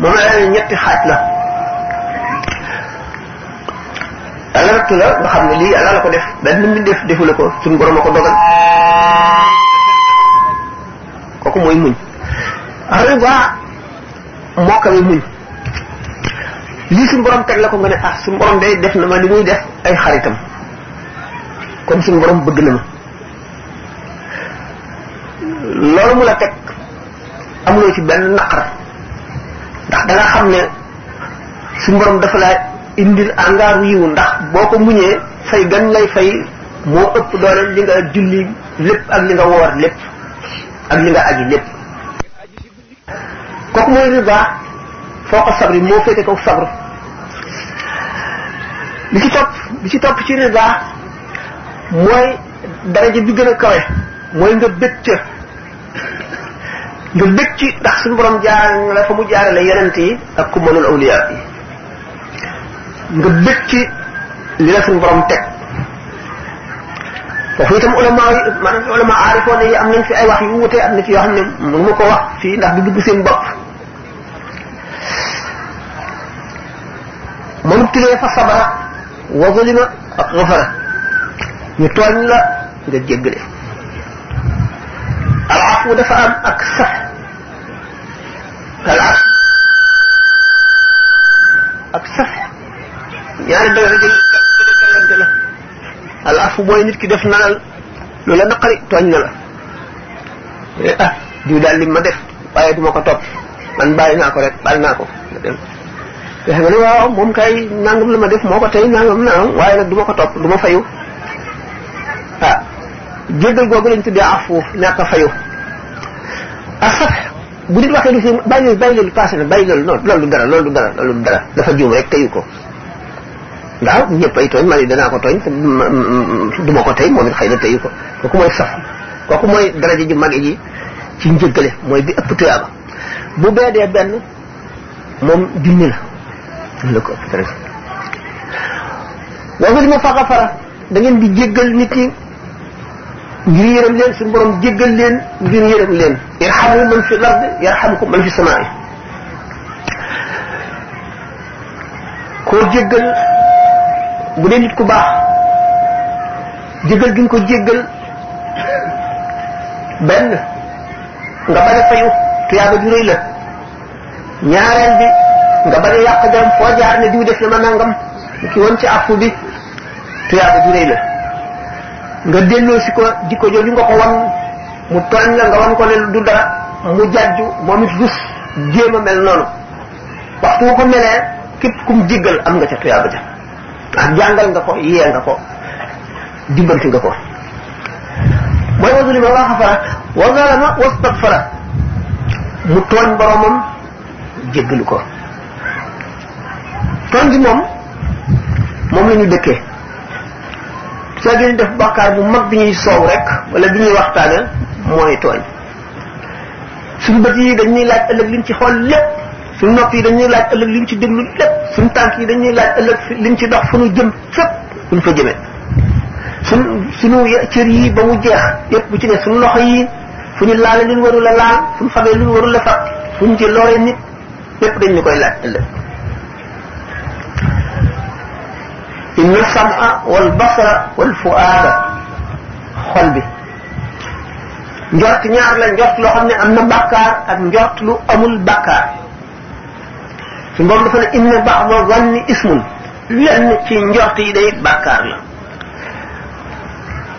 moom ñetti la yàlla la xam ne lii yàlla ko def benn mbindeef defu mooy muñ moo kawe muñ lii suñu borom teg la ko nga ne ah suñu borom day def na ma li muy def ay xaritam kon suñu borom bëgg na ma loolu mu la teg amuloo ci benn naqar ndax da nga xam ne suñu borom dafa laa indil engrais yiwu ndax boo ko muñee fay gan lay fay moo ëpp doole li nga julli lépp ak li nga woor lépp ak li nga aji lépp. mooy riba foo ko sabri moo féete kaw sabr li ci topp li ci topp ci riba mooy daraja bi gën a kawe mooy nga bëgg ca nga bëgg ci ndax suñu borom jaar la fa mu jaarale yonent yi ak ku mënul awliya yi nga bëgg ci li la suñu borom teg foofu itam ulama yi maanaam ulama aarifoon yi am nañ fi ay wax yu wutee am na ci yoo xam ne mënu ma ko wax fii ndax du dugg seen bopp mënu tuddee fa sabara wa zulima ak xafara ñu tooñ la nga jéggale al afu dafa ak saf ak saf ñaari daraja jëlante la al afu booy nit ki def na lu la naqari tooñ na la eh, ah diw daal li ma def waaye duma ko topp man bàyyi naa ko rek bàyyi naa ko waaw moom kay nangam la ma def moo ko tey nangam nangam waaye nag du ma ko topp du ma fayu ah jéggal googu lañ tuddee afu ñàkk a fayu ak bu nit waxee lu fi bàyyi loolu bàyyi loolu passé na bàyyi loolu noonu loolu dara loolu dara loolu dara dafa juum rek teyu ko waaw ñëpp ay tooñ man it danaa ko tooñ du ma ko tey moom it na teyu ko kooku mooy mooy daraja ji mag ji ci njëggale mooy bi ëpp tuyaaba bu beedee benn moom junni lu ko ëpp dara waaw li ma faqa jéggal nit ñi ngir yërëm leen suñu borom jéggal leen ngir yërëm leen yarhamu man fi lard yarhamkum man fi samaa'i koo jéggal bu dee nit baax jéggal gi nga ko jéggal benn nga bañ a fayu tuyaaba ju rëy la ñaareel nga bañ yàq jaram foo jaar ne diw def na ma nangam ki woon ci àpp bi tuyaaba ju rëy la nga delloo si ko jikko jooju nga ko wan mu tooñ la nga wan ko ne du dara mu jàjju moom it rus jéem mel noonu waxtu nga ko melee képp kum jéggal am nga ca tuyaaba ja ak jàngal nga ko yee nga ko dimbanti nga ko mooy wasuli ma waa xafara wa zalama wastagfara mu tooñ boromam jéggalu ko toon gi moom moom la ñu dëkkee saa gi ñu def bàkkaar bu mag bi ñuy soow rek wala bi ñuy waxtaane mooy tooñ suñu bët yi dañuy laaj ëllëg liñ ci xool lépp suñu nopp yi dañuy laaj ëllëg liñ ci déglu lépp suñu tànk yi dañuy laaj ëllëg liñ ci dox fu ñu jëm fépp fu ñu fa jëmee suñu suñu cër yi ba mu jeex yépp bu ci ne suñu loxo yi fu ñu laale luñ warul a laal fu ñu fabee luñ warul a fab fu ñu ci loree nit yépp dañ ñu koy laaj ëllëg inna sama wal basara wal fuaada xol bi njort ñaar la njort loo xam ne am na bàkkaar ak njort lu amul bàkkaar su boobu dafa ne inna ba'da zanni ismun lenn ci njort yi day bàkkaar la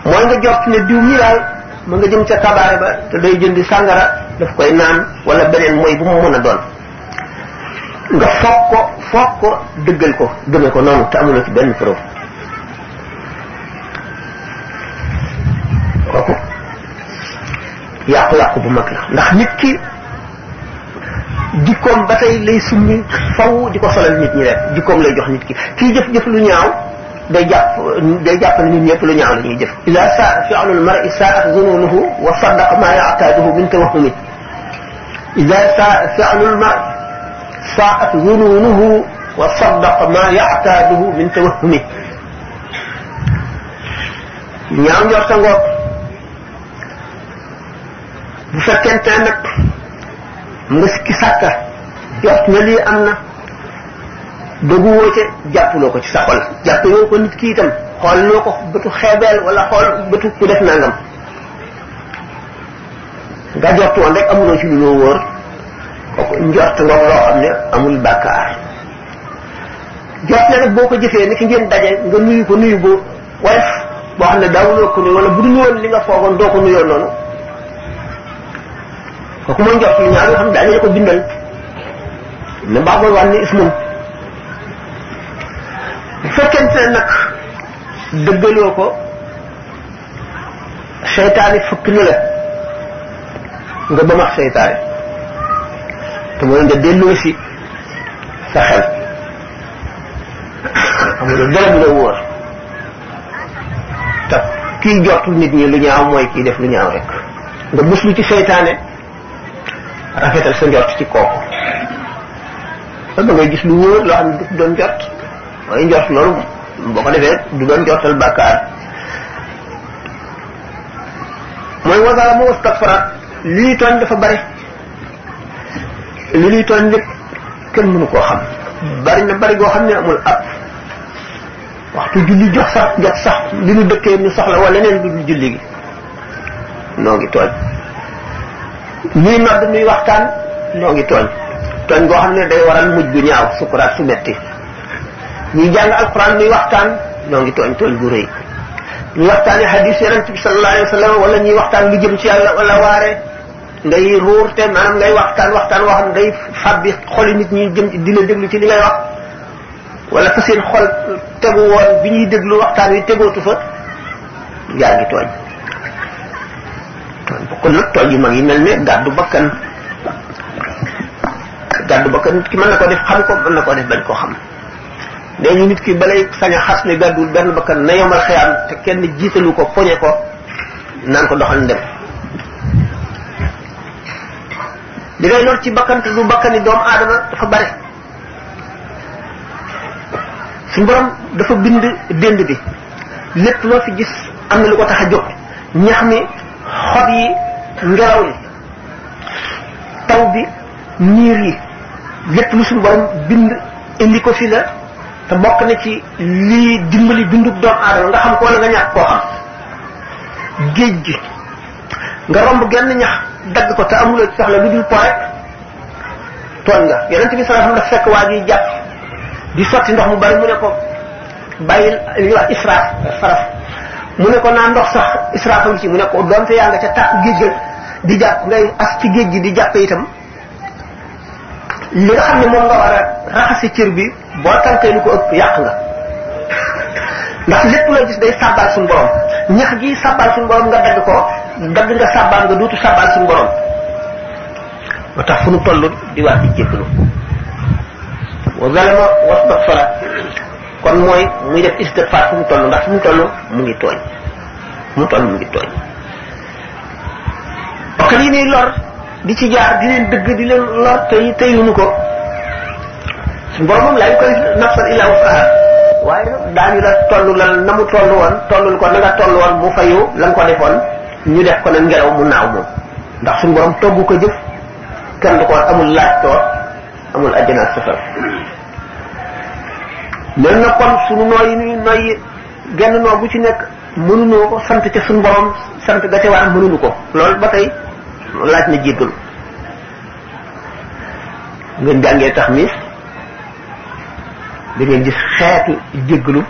mooy nga jort ne diw mi daal ma nga jëm ca tabaare ba te day jëndi sàngara daf koy naan wala beneen mooy bu mu mën a doon nga foog ko foog ko dëggal ko gëme ko noonu te amuloo ci benn preuve kooku yàqu ndax nit ki jikkoom ba tey lay summi faw di ko solal nit ñi rek jikkoom lay jox nit ki kii jëf-jëf lu ñaaw day jàpp day jàpp ñëpp lu ñaaw la ñuy jëf ila sa fi'lul mar'i sa'at zununuhu wa saddaqa ma ya'taduhu min tawahhumi ila sa saa'at zunuunuhu wa saddaqa maa yaxtaaduhu min tawahumi ñaaw njor sa ngoog bu fekkente nag nga sikki sàkka jort na lii am na dëggu woo ca jàppuloo ko ci sa xol jàpp yoo ko nit ki itam xool loo ko bëtu xeebeel wala xool bëtu ku def nangam nga jort woon rek amuloo kooku njort nga loo xam ne amul bàkkaar jot na nag boo ko jëfee ni ki ngeen nga nuyu ko nuyu bu woyof boo xam ne daawuloo ko nuyu wala bu dul woon li nga foogoon doo ko nuyoo noonu kooku mooy njort li ñaar yoo xam ne daañu la ko bindal ne mbaa booy wànne ismam bu fekkente ne nag dëggaloo ko seytaane fukki na la nga ba max seytaane te mooy nga delloo sa xel amul dara nga wóor te kiy jot nit ñi lu ñaaw mooy kiy def lu ñaaw rek nga muslu ci seytaane rafetal sa njort ci kooku da ngay gis lu wóor loo xam ne du doon jot mooy njort loolu boo ko defee du doon jortal bàkkaar mooy wasaara mu lii tooñ dafa bare li ñuy tooñ lépp kenn mënu ko xam hmm. bari na bari goo xam ne amul ab waxtu julli jox sax jot sax li ñu dëkkee ñu soxla wala leneen du julli gi noo ngi tooñ ñuy nodd muy waxtaan noo ngi tooñ tooñ goo xam ne day waral mujj gu ñaaw sukuraat su metti ñuy jàng alxuraan muy waxtaan noo ngi tooñ tooñ gu rëy ñuy waxtaane xadiis yonent bi sallallahu alayhi wa ñuy waxtaan lu jëm ci yàlla wala waare ngay ruur te maanaam ngay waxtaan waxtaan waxam ngay fàbbi xoli nit ñi jëm di la déglu ci li ngay wax wala fa seen xol tegu woon bi ñuy déglu waxtaan wi tegootu fa yaa ngi tooñ tooñ kon nag tooñ yu mag yi mel ne gàddu bakkan gàddu bakkan nit ki mën na ko def xam ko mën na ko def bañ koo xam léegi nit ki ba sañ a xas ne gàdduwul benn bakkan na yomal xëyam te kenn jiitalu ko poñe ko naan ko doxal ndem li ngay lor ci bakkan te du bakkani doomu aadama dafa bare suñu borom dafa bind dénd bi lépp loo fi gis am na lu ko tax a jóg ñax mi yi ngelaw li taw bi niir yi lépp lu suñu borom bind indi ko fi la te bokk na ci lii dimbali bindu doomu aadama nga xam ko nga ñàkk koo xam géej gi nga romb genn ñax dagg ko te amuloo ci soxla lu dul po rek tooñ nga yonent bi sallallahu alayhi fekk waa ji jàpp di sotti ndox mu bari mu ne ko bàyyil israaf mu ne ko naa ndox sax israaf ngi ci mu ne ko doonte yaa nga ca tàkk géej ga di jàpp ngay as ci géej gi di jàpp itam li nga xam ne moom nga war a raxasi cër bi boo tànkee lu ko ëpp yàq nga ndax lépp loo gis day sàbbaal suñu borom ñax gi sàbbaal suñu borom nga dagg ko dagg nga sàbbaal nga dootu sàbbaal suñu borom moo tax fu nu toll di waa di jéggalu wa zalama mooy muy def fu mu toll ndax fu mu toll mu ngi tooñ mu toll mu ngi tooñ bakkan yi ci jaar di dëgg di leen lor tey teyuñu ko suñu boromam laa yukallifu nafsan la na mu toll woon tollul ko na nga woon mu fayu la nga ko defoon ñu def ko nag ngelaw mu naaw moom ndax suñu borom togg ko jëf kenn du ko amul laaj toor amul àjjana ak safar leen na kon suñu nooyi ni noyyi genn noo bu ci nekk mënuñoo ko sant ca suñu borom sant ga ca war mënuñu ko loolu ba tey laaj na jéggalu ngeen jàngee tax miis da ngeen gis xeetu jéggalu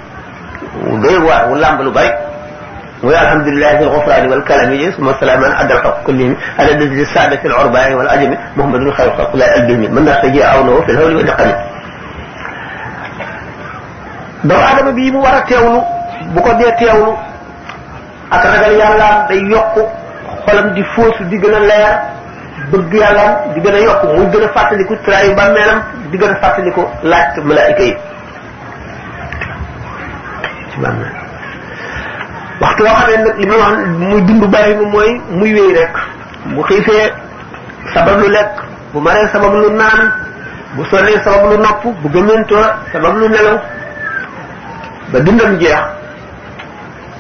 wu doy wu làmb lu bari muy alhamdulilah fi lxufraani walkalami ji suma salaaman addal xaq kullihim ala dasi saadati al orbaai wal ajami muhammadun xayru xalqulaay albihimi mën naa tëjee aw nawo fi lxawli wa diqami doomu aadama bii mu war a teewlu bu ko dee teewlu ak ragal yàllaam day yokku xolam di fóosu di gën a leer bëgg yàllaam di gën a yokku muy gën a fàttaliku traayu bàmmeelam di gën a fàttaliku laaj malaayika yi ci bàmmeel waxtu woo xamee nag li muy wax muy dund bari mu mooy muy wéy rek bu xiifee sabab lu lekk bu maree sabab lu naan bu sonnee sabab lu nopp bu gëmmentoo sabab lu nelaw ba dundam jeex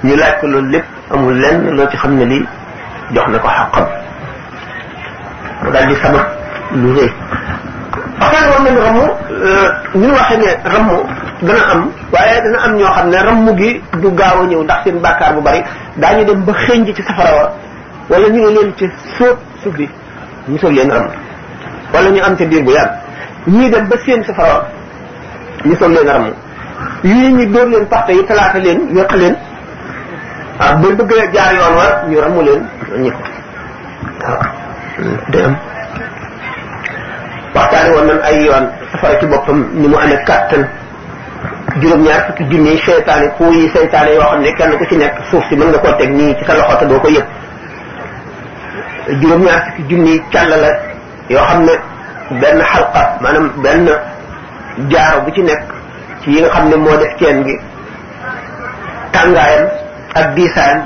ñu laaj ko loolu lépp amul lenn loo ci xam ne lii jox na ko xaqam mu daal sabab lu rëy waxtaan war nañ ramu euh, ñu waxee ne ramu dana am waaye dana am ñoo xam ne ramm gi du gaaw a ñëw ndax seen bàkkaar bu bari daañu dem ba xënj ci safara wa wala ñu ne leen ci sóob suuf ñu sóob leen ram wala ñu am ca biir bu yàgg ñii dem ba seen safara wa ñu sóob leen ram ñu dóor leen paxte yi talaata leen yàq leen ah ba bëgg jaar ñu ramu leen ñi ko waaw day am waxtaane ay yoon safara ci boppam ni mu amee kàttan juróom-ñaar fukki junne seytaane po yi yoo xam ne kenn ku ci nekk suuf si mën nga koo teg nii ci sa doo ko yëpp juróom-ñaar fukki junne càll yoo xam ne benn xalqa maanaam benn jaaro bu ci nekk ci yi nga xam ne moo ceen gi tàngaayam ak diisaayam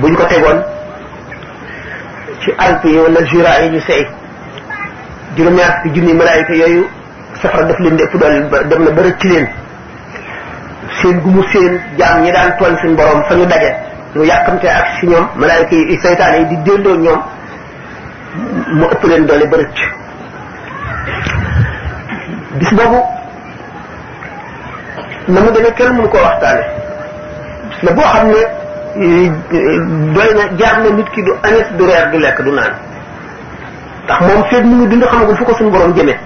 buñ ko tegoon ci alp yi wala jura yi ñu sey juróom-ñaar fukki junne malaayika yooyu safara def leen di ëpp doole ba dem na ba rëcc leen seen gu mu seen jaam ñi daan tooñ suñ borom fa ñu daje mu yàkkamte ak si ñoom malaayika ki saytaane yi di déndoo ñoom mu ëpp leen doole ba rëcc bis boobu na mu demee kenn mënu koo waxtaane la boo xam ne doy na jaar na nit ki du añet du reer du lekk du naan ndax moom feeg mu ngi dund xamagul fu ko suñu borom jëmee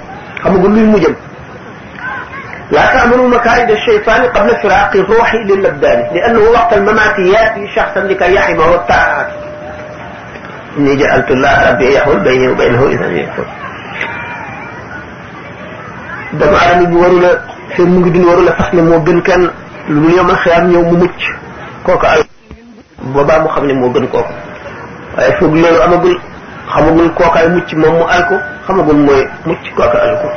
xamagul luy mujjam laa taamanu makaarida shaytaani qabla firaaqi ruuxi lil abdaani li annahu waqta almamaati yaati shaxsan li kay yaxima wa taat inni jaaltu llah rabbi yaxul bayni wa baynahu idan yaxul doomu aadama bi waru la fii mu ngi dund waru la fas ne moo gën kenn lu dul yomal xiyaam ñëw mu mucc kooku ay boobaa mu xam ne moo gën kooku waaye foog loolu amagul xamagul kookaay mucc moom mu al ko xamagul mooy mucc kooka alku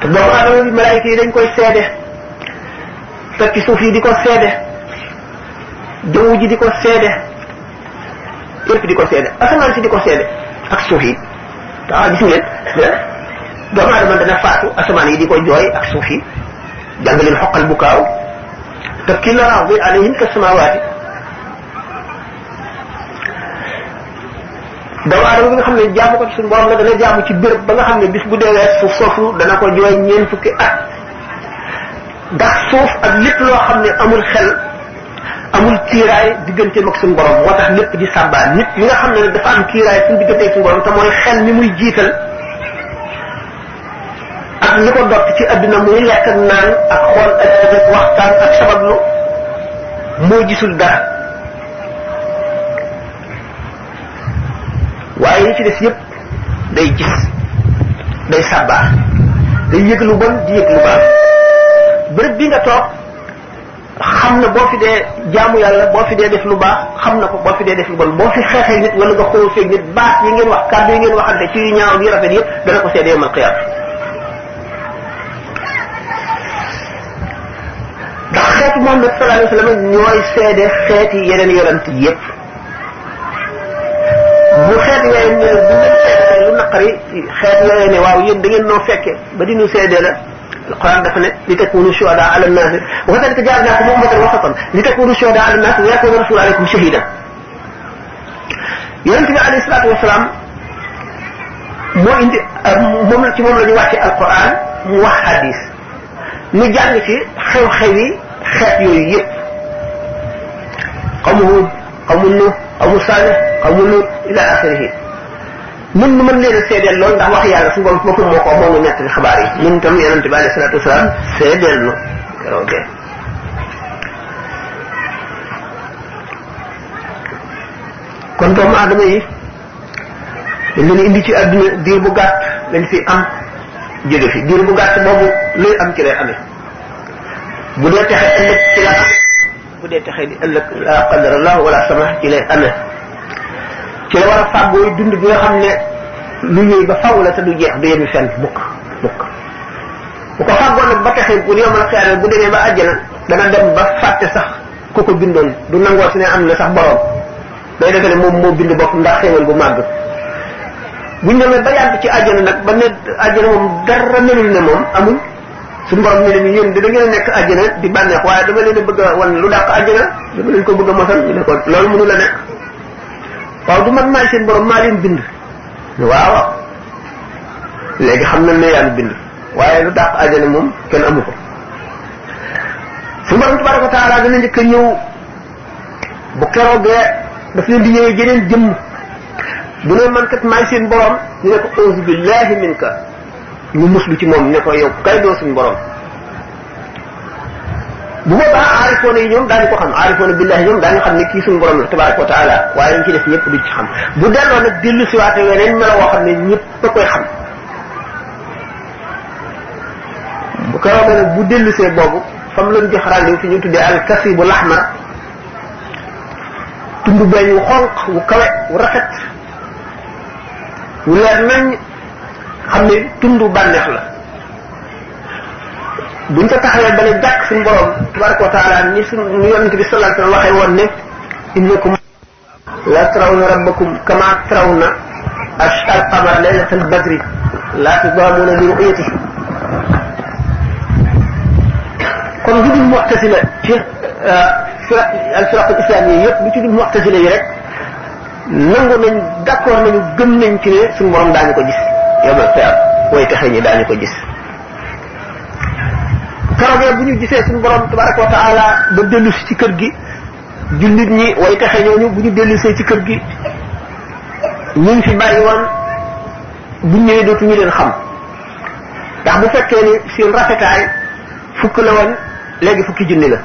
te doomu aadama bi malaayika yi dañ koy seede fekki suuf yi di ko seede jaww ji di ko seede yëpp di ko seede asamaan si di ko seede ak suuf yi waaw gis ngeen ah, doomu aadama dana faatu asamaan yi di ko jooy ak suuf yi jàng leen xoqal bu kaaw te kii la raw bi alayhim ka samawaati dawaara bi nga xam ne jaamu ko ci suñu borom la dana jaamu ci béréb ba nga xam ne bis bu deewee suuf soosu dana ko jooy ñeen fukki at ndax suuf ak lépp loo xam ne amul xel amul kiiraay digganteem ak suñu borom moo lépp di sàbbaa nit mi nga xam ne dafa am kiiraay suñu digganteeg suñu borom te mooy xel mi muy jiital ak li ko dott ci àdduna muy lekk naan ak xool ak waxtaan ak sabablu moo gisul dara waaye li ci des yépp day gis day sàbbaa day yëg lu bon di yëg lu baax bi nga toog xam na boo fi dee jaamu yàlla boo fi dee def lu baax xam na ko boo fi dee def lu boo fi xeexee nit wala nga xool feeg nit baax yi ngeen wax kàddu yi ngeen waxante ci yu ñaaw yu ko seede yawmal qiyaama ndax xeetu Muhammad sallallahu alayhi wa sallam ñooy seede xeeti yeneen yonent yépp bu xeet yooyu ne bu ngeen seetee lu naqari xeet yooyu ne waaw yéen da ngeen noo fekkee ba di ñu seedee la alquran dafa ne li takunu shuhada ala nnaas wa kadhalika ja'alnaakum ummatan wasatan li takunu shuhada ala nnaas wa yakuna rasulu alaykum shahida yonente bi alayhi salaatu wasalaam moo indi moom la ci moom la ñu wàcce alquran mu wax hadis ñu jàng ci xew-xewi xeet yooyu yëpp xamu xamu nu xawmu saalix xawmu luut ila axirihi ñun ñu mën leen a seedeel loolu ndax wax yàlla su borom boppam moo ko moo ñu nekk xabaar yi ñun tam yonent bi alayhi salaatu wasalaam seedeel nu keroogee kon doomu aadama yi dañ leen indi ci àdduna diir bu gàtt lañ fi am jóge fi diir bu gàtt boobu luy am ci lay amee bu dee texe ëllëg ci la bu dee texee di ëllëg la qadar allah wala sama ci lay amee ci la war a fàggooy dund bi nga xam ne lu ñuy ba faw la ta du jeex du yemi fenn bukk bukk bu ko fàggoon nag ba texee bu yomal xeere bu demee ba àjjana dana dem ba fàtte sax ku ko bindoon du nangoo si ne am na sax boroom day defe ne moom moo bind bopp ndax xéewal bu màgg buñ demee ba yàgg ci àjjana nag ba ne àjjana moom dara melul ne moom amul suñu borom ñu ne ñu yéen di da nekk àjjana di bànneex waaye dama leen a bëgg a wan lu ko a mosal ne ko loolu mënu la nekk waaw du man maay seen borom maa leen bind waaw léegi xam nañ ne bind waaye lu dàq àjjana moom kenn amu ko suñu borom tabaraka wa taala dana njëkk a ñëw bu keroogee daf leen di ñëwee jeneen jëmm bu ne man kat maay seen borom ñu ne ko auzu billahi minka mu muslu ci moom ne ko yow kay doo suñu borom bu boobaa aarifoona yi ñoom daañu ko xam aarifoona billahi ñoom daañu xam ne kii suñu borom la tabaraka wa taala waaye dañ ci def ñëpp duñ ci xam bu delloo nag dellu siwaate weneen melo woo xam ne ñëpp a koy xam bu ko waxee bu dellu see boobu fa mu leen jox rendez-vous fi ñu tuddee al kasibu laxmar tund beñ wu xonq wu kawe wu rafet wu leer nañ xam ne tundu bànneex la buñ fa taxawee ba ne jàkk suñu borom tabaraka wa taala ni suñ ni yonent bi sallallahu alayhi wasallam waxee woon ne innakum la tarawna rabbakum kama tarawna ashal qamar laylatal badri la tudamuna li ru'yati kon lu dul mu'tasila ci euh, firaq al firaq al islamiyya yëpp lu ci dul mu'tasila yi rek nangu nañ d'accord nañu gëm nañ ci ne suñu borom daañu ko gis yomal xiyaam way taxe ñi daañu ko gis karogee bu ñu gisee suñu borom tabaraka wa ba dellusi ci kër gi jullit ñi way taxe ñooñu bu ñu dellusee ci kër gi ñu fi bàyyi woon bu ñëwee dootuñu leen xam ndax bu fekkee ni seen rafetaay fukk la woon léegi fukki junni la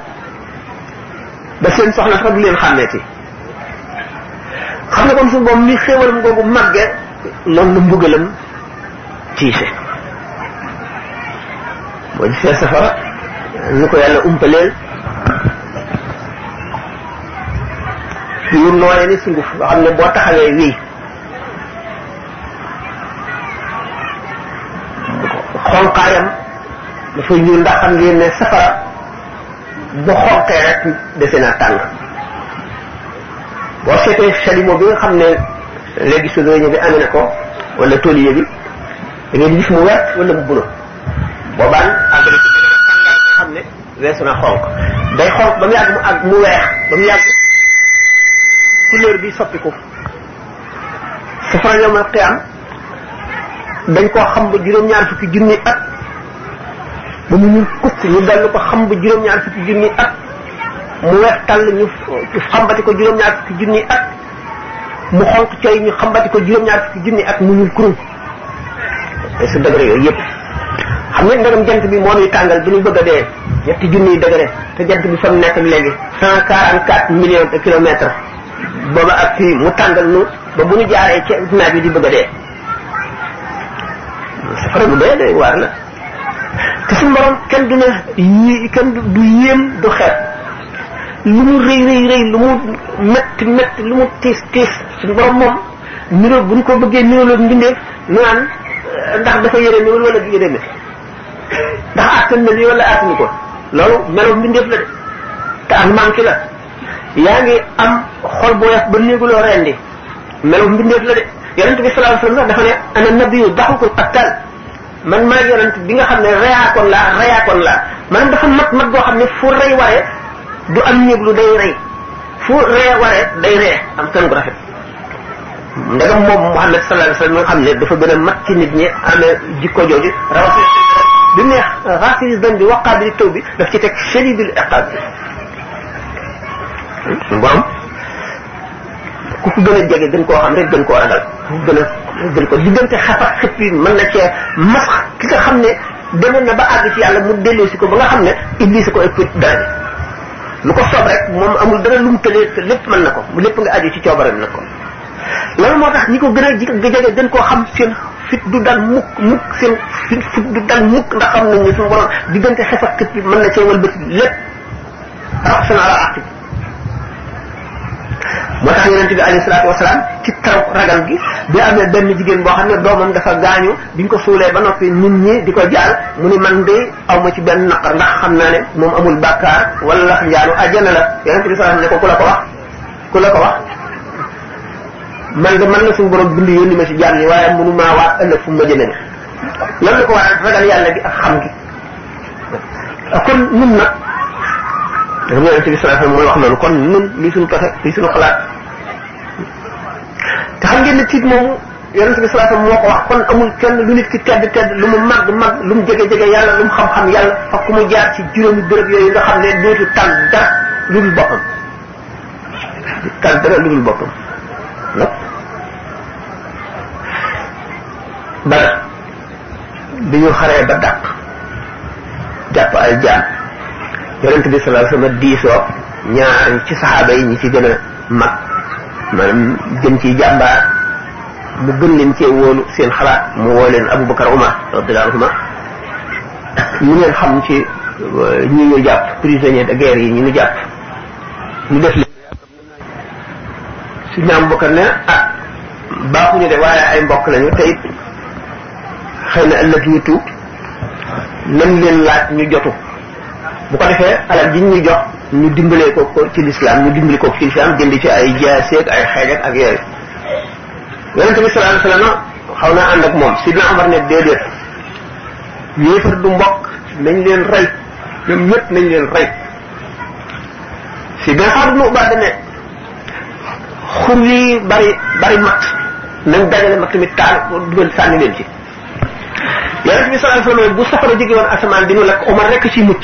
ba seen soxla sax du leen xàmmeeti xam ne kon suñu boom ni xéewalam googu màgge loolu la tiise boo gisee safara ñu ko yàlla umpaleel lu nooyee ni sunguf xam ne boo taxawee wii xonqaayam dafa ñuul ndax xam ngeen ne safara bu xonqee rek dese naa tàng boo seetee chalumeau bi xam ne léegi su ñëwee bi amee na ko wala tôlier bi da ngeen gis mu wert wala mu bulo boobaan àgg na ci tàngaay nga xam ne weesu na xonk day xonk ba mu yàgg mu àgg mu weex ba mu yàgg couleur bi soppiku safara yawmal qiyaam dañ koo xam ba juróom-ñaar fukki junni at ba mu ñuul ko xam ba juróom-ñaar fukki junni at mu weex tàll ñu xambati ko juróom-ñaar fukki junni at mu xonk cooy ñu xambati ko juróom-ñaar fukki junni at mu ñuul kurum su degré yooyu yëpp xam ngeen jant bi moo ñuy tàngal bi ñu bëgg a dee ñetti junniy degré te jant bi fa mu nekk léegi cent quarante quatre millions de kilomètres booba ak fii mu tàngal nu ba bu ñu jaaree ci naaj bi di bëgg a dee safara bu doy doy waar na te suñu borom kenn du ne du yéem lu mu rëy rëy lu mu tiis tiis suñu borom moom niroo bu ñu ko bëggee niroo la ndax dafa yërëmewul wala du yërëme ndax attan na lii wala attanu ko loolu melo mbindeef la de te ak manqué la yaa ngi am xol bu weex ba néeguloo rendi melo mbindeef la de yonent bi sallallahu alayhi wasallam dafa ne ana nabiyyu daxukul attal man maa yonent bi nga xam ne reyaakoon laa reyaakoon laa maanaam dafa mat mat boo xam ne fu rey waree du am néeglu day rey fu ree waree day ree am tan gu rafet ndegam moom Muhammad sallallahu alayhi wasallam nga xam ne dafa gën a mat ci nit ñi amee jikko jooju rawatina bi neex raafil ban bi waqaabili taw bi daf ci teg shadidul iqaab bi borom ku ko gën a jege gën koo xam rek gën koo ragal ku gën a gën ko diggante xaf ak xëpp yi mën na ki nga xam ne demoon na ba àgg ci yàlla mu delloo si ko bala xam ne iblis ko ëpp dara bi lu ko soob rek moom amul dara lu mu tëlee te lépp mën na ko mu lépp nga aju ci coobaram nag ko loolu moo tax ñi ko gën a jege gën koo xam seen fit du dal mukk mukk seen fit du dal mukk ndax xam nañ suñu borom diggante xef ak xët bi mën na cee wëlbati lépp rax seen bi moo tax benn jigéen boo xam ne doomam dafa gaañu biñ ko suulee ba noppi nit ñi di ko jaal mu ni man de aw ma ci benn naqar ndax xam naa ne moom amul bàkkaar wala njaanu àjjana la yonent bi salaam ne ko ku la ko wax ku la ko wax man de man la suñu borom dund yónni ma si jaam yi waaye mënu maa waat ëllëg fu mu ma jëmee lan la ko waral ragal yàlla gi ak xam gi kon nun nag dañu yonente bi sallallahu alayhi wasallam mooy wax loolu kon nun li suñu pexe li suñu xalaat te xam ngeen ne tiit moomu yonente bi sallallahu alayhi wasallam moo ko wax kon amul kenn lu nit ki tedd tedd lu mu màgg màgg lu mu jege jege yàlla lu mu xam-xam yàlla fa ku mu jaar ci juróomi béréb yooyu nga xam ne dootu tànn dara lu dul boppam tànn dara lu dul boppam nopp ba ñu xaree ba dàq jàpp al jaam yonent bi sallallahu ñaar ci saxaaba yi ñi ci gën a mag maanaam gën ci jàmbaar mu gën leen cee wóolu seen xalaat mu woo leen Aboubacar Umar radiyallahu anhuma ñu xam ci euh, ñi ñu jàpp prisonnier de yi ñu ñu jàpp ñu def suñu am mbokk ne ah baaxuñu de waaye ay mbokk lañu te it xëy na ëllëg ñu tuub nan leen laaj ñu jotu bu ko defee alal ji ñuy jox ñu dimbalee ko ko ci lislaam ñu dimbali ko ci lislaam jënd ci ay jaaseeg ay xeej ak yooyu yonente bi sallallahu alayhi wasallam xaw naa ànd ak moom sidna Umar ne déedéet yéefar du mbokk nañ leen rey ñoom ñëpp nañ leen rey sidna Xaalid ibn Ubaada ne xur yi bari bari matt nañ dajale matt mi taal ko dugal sànni leen ci yonent bi sallallahu alayhi wasallam bu safara jóge woon asamaan di ñu lakk Omar rekk ci mucc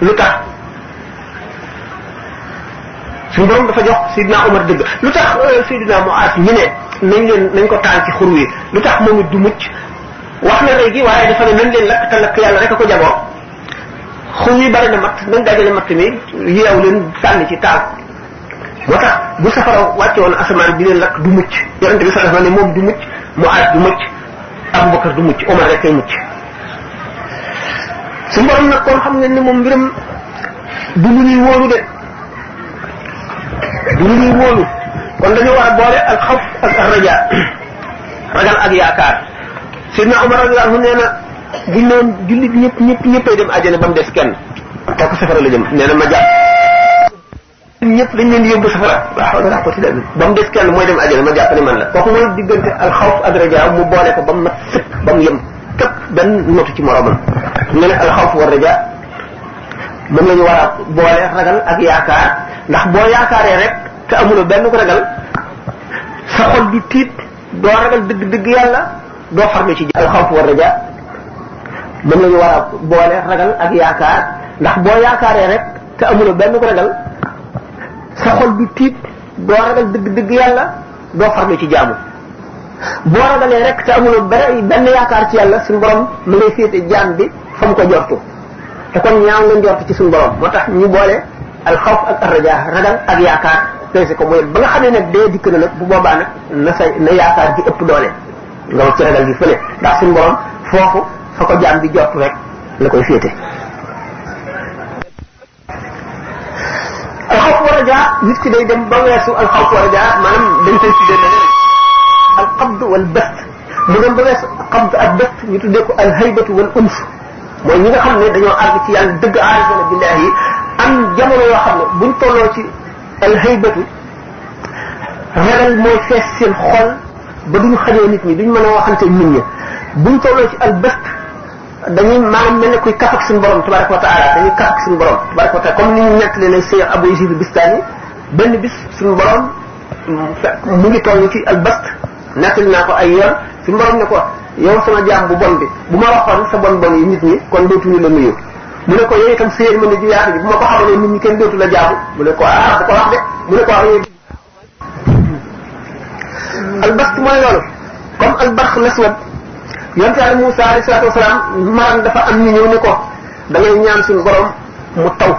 lu tax suñu borom dafa jox Seydina Omar dëgg lu tax euh, Seydina Muaaz ñu ne nañ leen nañ ko taal ci xur lu tax moom du mucc wax na léegi waaye dafa leen lakk te yàlla rek ko jagoo xur yi bari na matt nañ dajale taal moo tax bu safara wàcce woon asamaan di leen lakk du mucc yonente bi sallallahu alayhi ne moom du mucc moo aat du mucc Abubakar du mucc Omar rek kay mucc su borom nag xam ngeen ne moom mbiram ñuy wóolu de du ñuy wóolu kon dañoo war a boole al xawf ak al raja ragal ak yaakaar Seydina nee na buñ jullit ñëpp ñëpp ñëppay dem àjjana ba mu des kenn kooku safara la jëm nee na ma ñëpp dañ leen yóbbu safara la hawla wala quwwata illa billah ba mu des kenn mooy dem àjjana ma jàpp ne man la kooku mooy diggante alxawf ak rajaa mu boole ko ba mu mat sëkk yem képp benn notu ci moroomam ne ne alxawf war rajaa moom la ñu war a boole ak yaakaar ndax boo yaakaaree rek te amuloo benn ko ragal sa xol di tiit doo ragal dëgg dëgg yàlla doo farlu ci alxawf war rajaa moom la ñu war a boole ragal ak yaakaar ndax boo yaakaaree rek te amuloo benn ko ragal sa xol bi tiit doo ragal dëgg-dëgg yàlla doo farlu ci jaamu boo ragalee rek te amuloo benn yaakaar ci yàlla suñu borom mu ngay féete jaam bi fa mu ko jortu te kon ñaaw nga njort ci suñu borom moo tax ñu boole alxawf ak arraja ragal ak yaakaar peese ko mooy ba nga xam ne nag dee dikk na nag bu boobaa nag na sa na yaakaar ji ëpp doole nga wax ci ragal gi fële ndax suñu borom foofu fa ko jaam bi jortu rek la koy féete raja nit ki day dem ba weesu alxawfu wa raja maanaam dañ koy tuddee leneen alxabd wal best mu dem ba weesu xabd ak best ñu tuddee ko alhaybatu wal unf mooy ñi nga xam ne dañoo àgg ci yàlla dëgg aarifana billah yi am jamono yoo xam ne buñ tolloo ci alhaybatu ragal mooy fees seen xol ba duñ xajoo nit ñi duñ mën a waxante nit ñi buñ tolloo ci albest dañuy maanaam mel ne kuy kaf ak suñu borom tabaraka wa taala dañuy kaf ak suñu borom tabaraka wa taala comme ni ñu nettali ne Cheikh Abou Yazid Bistani benn bis suñu borom mm, mu ngi toll ci albast nettali naa ko ay yoon suñu borom ne ko yow sama jaam bu bon bi bu ma waxoon sa bon bon yi nit ñi kon dootuñu la nuyu mu ne ko yow itam séer mën na ji yaatu ji bu ma ko xamaloon nit ñi kenn dootu la jaamu mu ne ko ah bu ko wax de mu ne ko wax ah, yooyu albast mooy loolu comme albarx laswad yonte yàlla Musaa alayhi salaatu wasalaam dafa am ñu ñëw ne ko da ngay ñaan suñu borom mu taw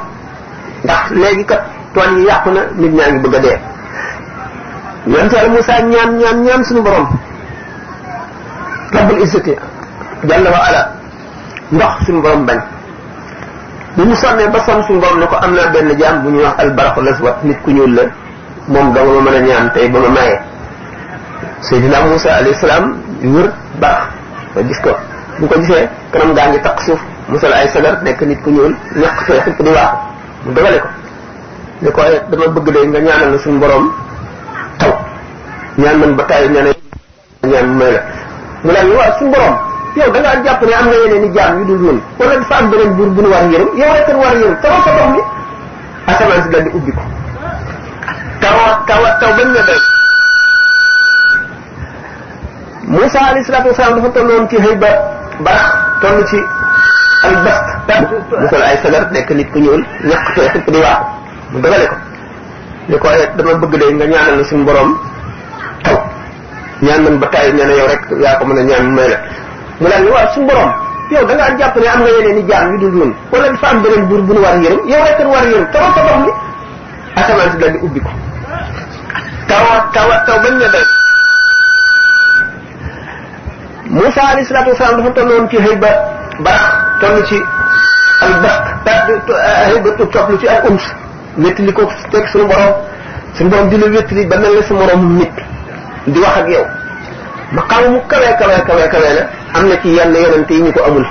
ndax léegi kat tool yi yàqu na nit ñaa ngi bëgg a dee yonte yàlla Musaa ñaan ñaan suñu borom rabbul izzati jalla wa ala ndox suñu borom bañ bi mu sonnee ba sonn suñu borom ne ko am naa benn jaam bu ñuy wax albaraxu laswat nit ku ñuul la moom danga ma mën a ñaan tey ba ma maye Seydina Musaa alayhi salaam ba gis ko bu ko gisee kanam gaa ngi taq suuf mu sol ay sagar nekk nit ku ñuul ñaq fee xëpp di waaxu mu dogale ko ne ko dama bëgg de nga ñaanal na suñu borom taw ñaan man ba taay ñaan ñaan may la mu laaj ñu waaw suñu borom yow da ngaa jàpp ne am na yeneen i jaam yu dul ñun wala dafa am beneen buur bu nu war yërëm yow rek war yërëm tawal sa dox mi asamaan si dal di ubbi ko taw taw taw bañ na doy Moussa alayhi salaatu wasalaam dafa tolloon ci xëy ba barax toll ci al bast. mu sol ay sagar nekk nit ku ñuul ñaq xeex di waaxu mu dogale ko li ko dama bëgg de nga ñaanal na suñu borom taw ñaan nañ ba taay nee na yow rek yaa ko mën a ñaan may la mu daal ni waaw suñu borom yow da jàpp ne am nga yeneen i jaam yu dul noonu wala dafa am beneen buur bu nu war a yërëm yow rek kan war a yërëm tawal sa bopp li ubbi ko taw taw taw bañ ne dara Moussa alayhi salaatu wasalaam dafa tolloon ci xëy ba barax ci ay bast perte xëy ba toplu ci ay ums wéttali ko teg suñu borom suñu borom di la wéttali ba mel ne sa di wax ak yow ma xaw mu kawee kawee la am na ci yenn yonente yi ñu ko amul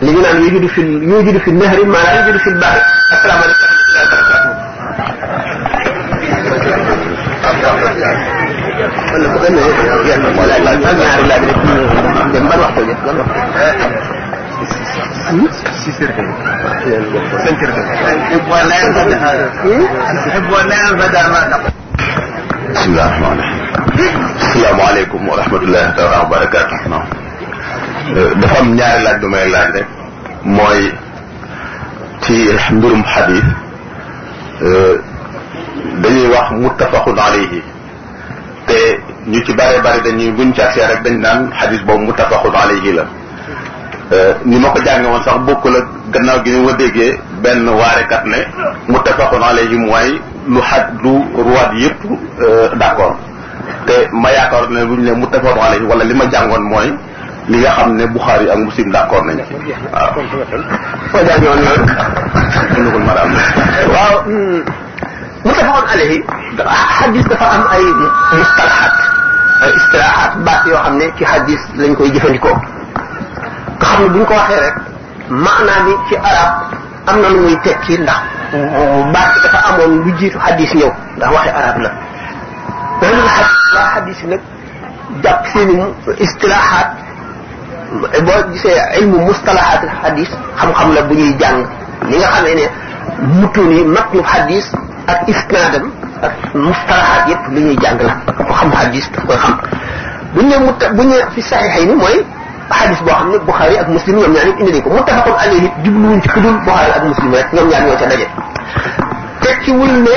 li ñu naan yujudu fi yujudu fi nahri maanaam yujudu fi bahri asalaamaaleykum wala bu gën a yéex wala man ñaari laaj rek dem ban waxtu bi ban waxtu si sirte cinq heures حب ولا ينفد هذا حب ولا ينفد هذا بسم الله الرحمن الرحيم السلام عليكم ورحمة الله تعالى وبركاته dafa am ñaari laaj du may laaj rek mooy ci mbirum xadis euh, dañuy wax muttafaqun alayhi ñu ci bëree bëri dañuy ñu ci agsee rek dañ naan
xadis boobu muttafaqun alayhi la euh, ni ma ko jànge woon sax bokkul ak gannaaw gi ni ma déggee benn waarekat ne muttafaqun alayhi mooy lu xaj lu ruwaat yëpp euh, d'accord te ma yaakaar ne buñ ne muttafaqun alayhi wala li ma jàngoon mooy li nga xam ne Bukhari ak Muslim d'accord nañ ci waaw soo
jàngee woon loolu waaw hmm. muttafaqun alayhi xadis dafa am istilaahaat baat yoo xam ne ci hadis lañ koy jëfandikoo nga xam ne bu ñu ko waxe rek maanaa bi ci arab am na lu muy tekki ndax baat bi dafa amoon lu jiitu hadis ñëw ndax waxe arab la loolu la hadis nag jàpp seeni istilaahaat boo gisee ilmu mustalahaat hadis xam-xam la bu ñuy jàng li nga xamee ne mutuuni ak isnaadam ak mustalahaat yëpp lu ñuy jàng la ko xam hadis daf koy xam bu ñu mutta bu ñu fi saxiixay ni mooy hadis boo xam ne Buxaari ak Muslim ñoom ñaar ñëpp indi nañ ko muttafaqun alayhi it jubluwuñ ci kudul Buxaari ak Muslim rek ñoom ñaar ñoo ca daje tekkiwul ne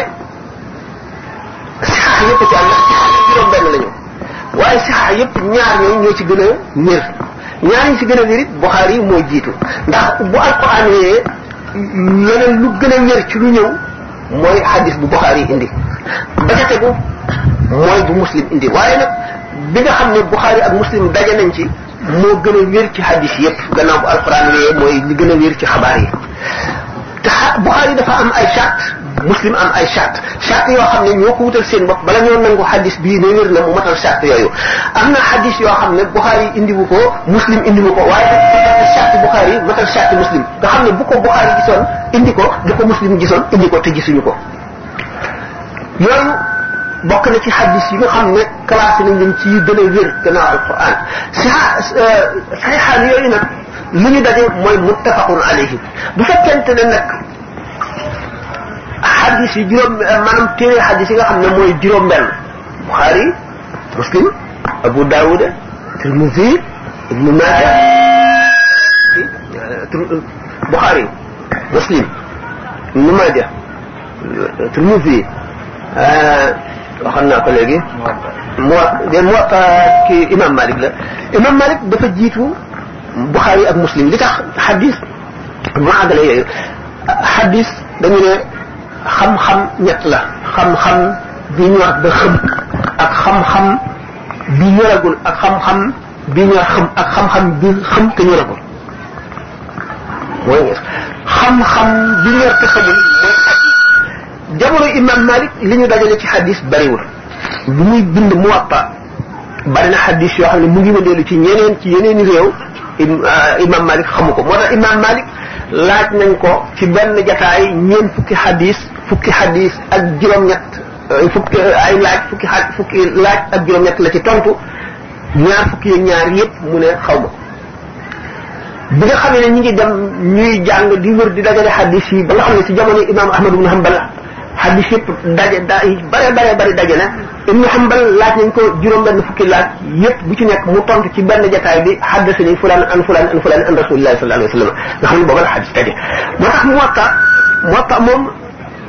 sixaax yëpp ci am na sixaax juróom benn lañu waaye sixaax yëpp ñaar ñoo ci gën a wér ñaar ñi ci gën a wér it Buxaari moo jiitu ndax bu alquran yee leneen lu gën a wér ci lu ñëw mooy xadis bu Buxaari indi ba ca tegu mooy bu muslim indi waaye nag bi nga xam ne Buxaari ak muslim daje nañ ci moo gën a wér ci xadis yëpp gannaaw bu alquran wee mooy li gën a wér ci xabaar yi te Buxaari dafa am ay charte muslim am ay charte charte yoo xam ne ñoo ko wutal seen bopp bala ñoo nangu xadis bii ne wér na mu matal charte yooyu am na xadis yoo xam ne Bukhari indiwu ko muslim indiwu ko waaye dafa charte Bukhari matal charte muslim nga xam ne bu ko Bukhari gisoon indi ko di ko muslim gisoon indi ko te gisuñu ko yooyu bokk na ci xadis yi nga xam ne classé nañ leen ci yu gën a wér gannaaw alquran euh, saxiixaan yooyu nag li ñu daje mooy muttafaqun alayhi bu fekkente ne nag xadis yi juróom maanaam téere xadis yi nga xam ne mooy juróom benn Buxaari Muslim Abu Daawuda Tirmisi Ibnu Maaja Buxaari Muslim Ibnu Maaja Tirmisi ah, waxoon naa ko léegi Muwatta Muwatta ki Imam Malik la Imam Malik dafa jiitu Buxaari ak Muslim li tax xadis mu àggale yooyu xadis dañu ne xam-xam ñett la xam-xam bi ñor ba xëm ak xam-xam bi ñoragul ak xam-xam bi ñor xëm ak xam-xam bi xëm te ñoragul mooy xam-xam bi ñor te xamul mooy aj jamono imam malik li ñu dajale ci xadis bariwul bu muy bind muwàppa bari na xadis yoo xam ne mu ngi wëndeelu ci ñeneen ci yeneeni réew euh, imam malik xamu ko moo tax imam malik laaj nañ ko ci benn jataay ñeent fukki xadis fukki xadis ak juróom-ñett euh, fukki ay laaj fukki xad fukki laaj ak juróom-ñett la ci tontu ñaar fukki ñaar yëpp mu ne xaw ma bi nga xam ne ñu ngi dem ñuy jàng di wër di dajale xadis yi ba nga xam ne si jamono imam Ahmad ibn Hanbal xadis yëpp daje da bare bare bari daje na ibn Hanbal laaj nañ ko juróom benn fukki laaj yëpp bu ci nekk mu tontu ci benn jataay bi haddasani fulaan an fulaan an fulaan an rasulillahi sallallahu alayhi wa sallam nga xam ne booba la xadis daje moo tax Muwatta Muwatta moom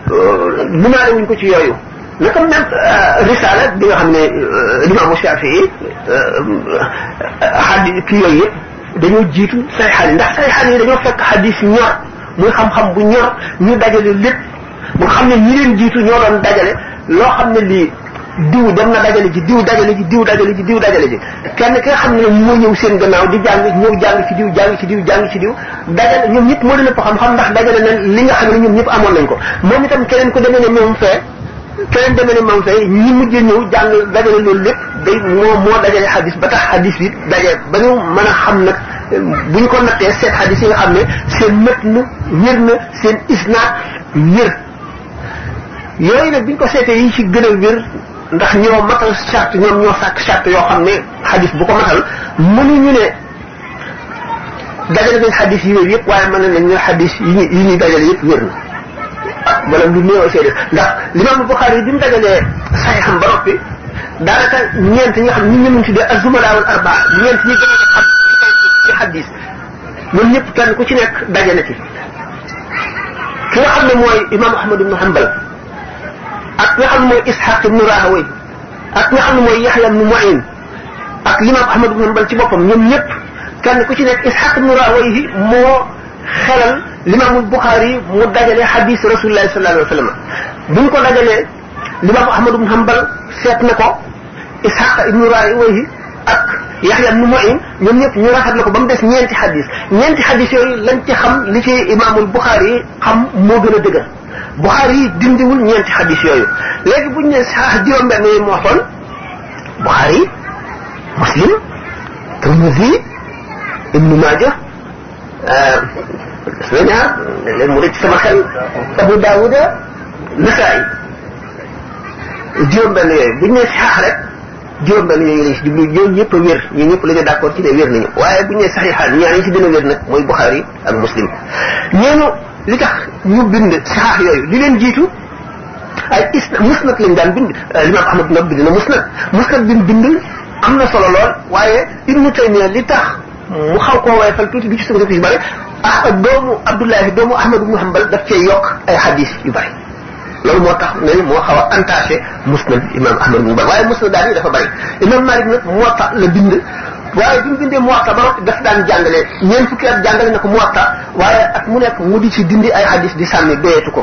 munaale wuñ ko ci yooyu naka même euh, risaala bi nga xam ne euh, limaamu Shafii euh, xadis kii yooyu yëpp dañoo jiitu sayxaan yi ndax sayxaan yi dañoo fekk xadis ñor muy xam-xam bu ñor ñu dajale lépp mu xam ne ñi leen jiitu ñoo doon dajale loo xam ne lii diw dem na dajale ji diw dajale ji diw dajale ji diw dajale ji kenn ki xam ne moo ñëw seen gannaaw di jàng ñëw jàng ci diw jàng ci diw jàng ci diw dajale ñoom ñëpp moo leen ëpp xam-xam ndax dajale nañ li nga xam ne ñoom ñëpp amoon ko moom itam keneen ku demee ne moom fee keneen demee ne moom fee ñi mujj loolu lépp day moo moo dajale xadis ba tax xadis bi daje ba ñu mën a xam nag bu ñu ko te seet xadis yi nga xam ne seen mët na wér na seen isnaat wér yooyu nag bi ñu ko seetee yi ci gën a ndax ñoo matal charte ñoom ñoo sàkk charte yoo xam ne xadis bu ko matal mënuñu ne dajale nañ xadis yi wér yëpp waaye mën nañ ne xadis yi ñuy yi ñuy dajale yëpp wér na wala lu néew seede ndax limaam Buxaari yi bi mu dajalee saxiixam ba noppi daanaka ñeent ñi nga xam ñi ñëmuñ tuddee azumalaawul arba ñeent ñi gën a xam ci xaddis ñoom ñëpp kenn ku ci nekk dajale ci ki nga xam ne mooy imaam Ahmad ibnu Hanbal ak nga xam ne mooy Ishaq ibnu Rahawayh ak nga xam ne mooy Yahya ibnu Ma'in ak l'imam Ahmad ibnu Hanbal ci boppam ñoom ñëpp kenn ku ci nekk Ishaq ibnu Rahawayh moo xelal l'imam Bukhari mu dajale hadis Rasulullah sallallahu alayhi wa sallam bu ñu ko dajalee l'imam Ahmad ibnu Hanbal seet na ko Ishaq ibnu Rahawayh ak Yahya ibnu Ma'in ñoom ñëpp ñu raxat la ko ba mu des ñeenti hadis ñeenti hadis yooyu lañ ci xam li ci imamul Bukhari xam moo gën a dëgër Buxaari yi dindiwul ñeenti xadis yooyu léegi bu ñu nee sax juróom-benn yi mu waxoon Buxaari Muslim Tirmisi Ibnu Maaja euh, su ñaar sama xel Abu Daawuda Nasaa'i juróom-benn yooyu bu ñu nee sax rek juróom-benn yooyu ñëpp a wér ñun ñëpp ñu waaye bu ñu nee yi si gën a wér mooy Buxaari ak Muslim li tax ñu bind saxaax yooyu li leen jiitu ay isna musnad lañ daan bind limaam euh, ahmad na bind na musnad musnad bi mu bind am na solo lool waaye ibnu taymiya li tax mu xaw koo wayfal tuuti du ci sukkandiku yu bëri ah doomu abdullahi doomu ahmad ibnu hanbal daf cee yokk ay hadis yu bëri loolu moo tax ne moo xaw a entaché musnad imam ahmad ibnu hanbal waaye musnad daal yi dafa bëri imam malik nag moo tax la bind waaye bi mu bindee Muwatta ba noppi daf daan jàngale ñeent fukki at jàngale na ko Muwatta waaye at mu nekk mu di ci dindi ay hadis di sànni doyetu ko.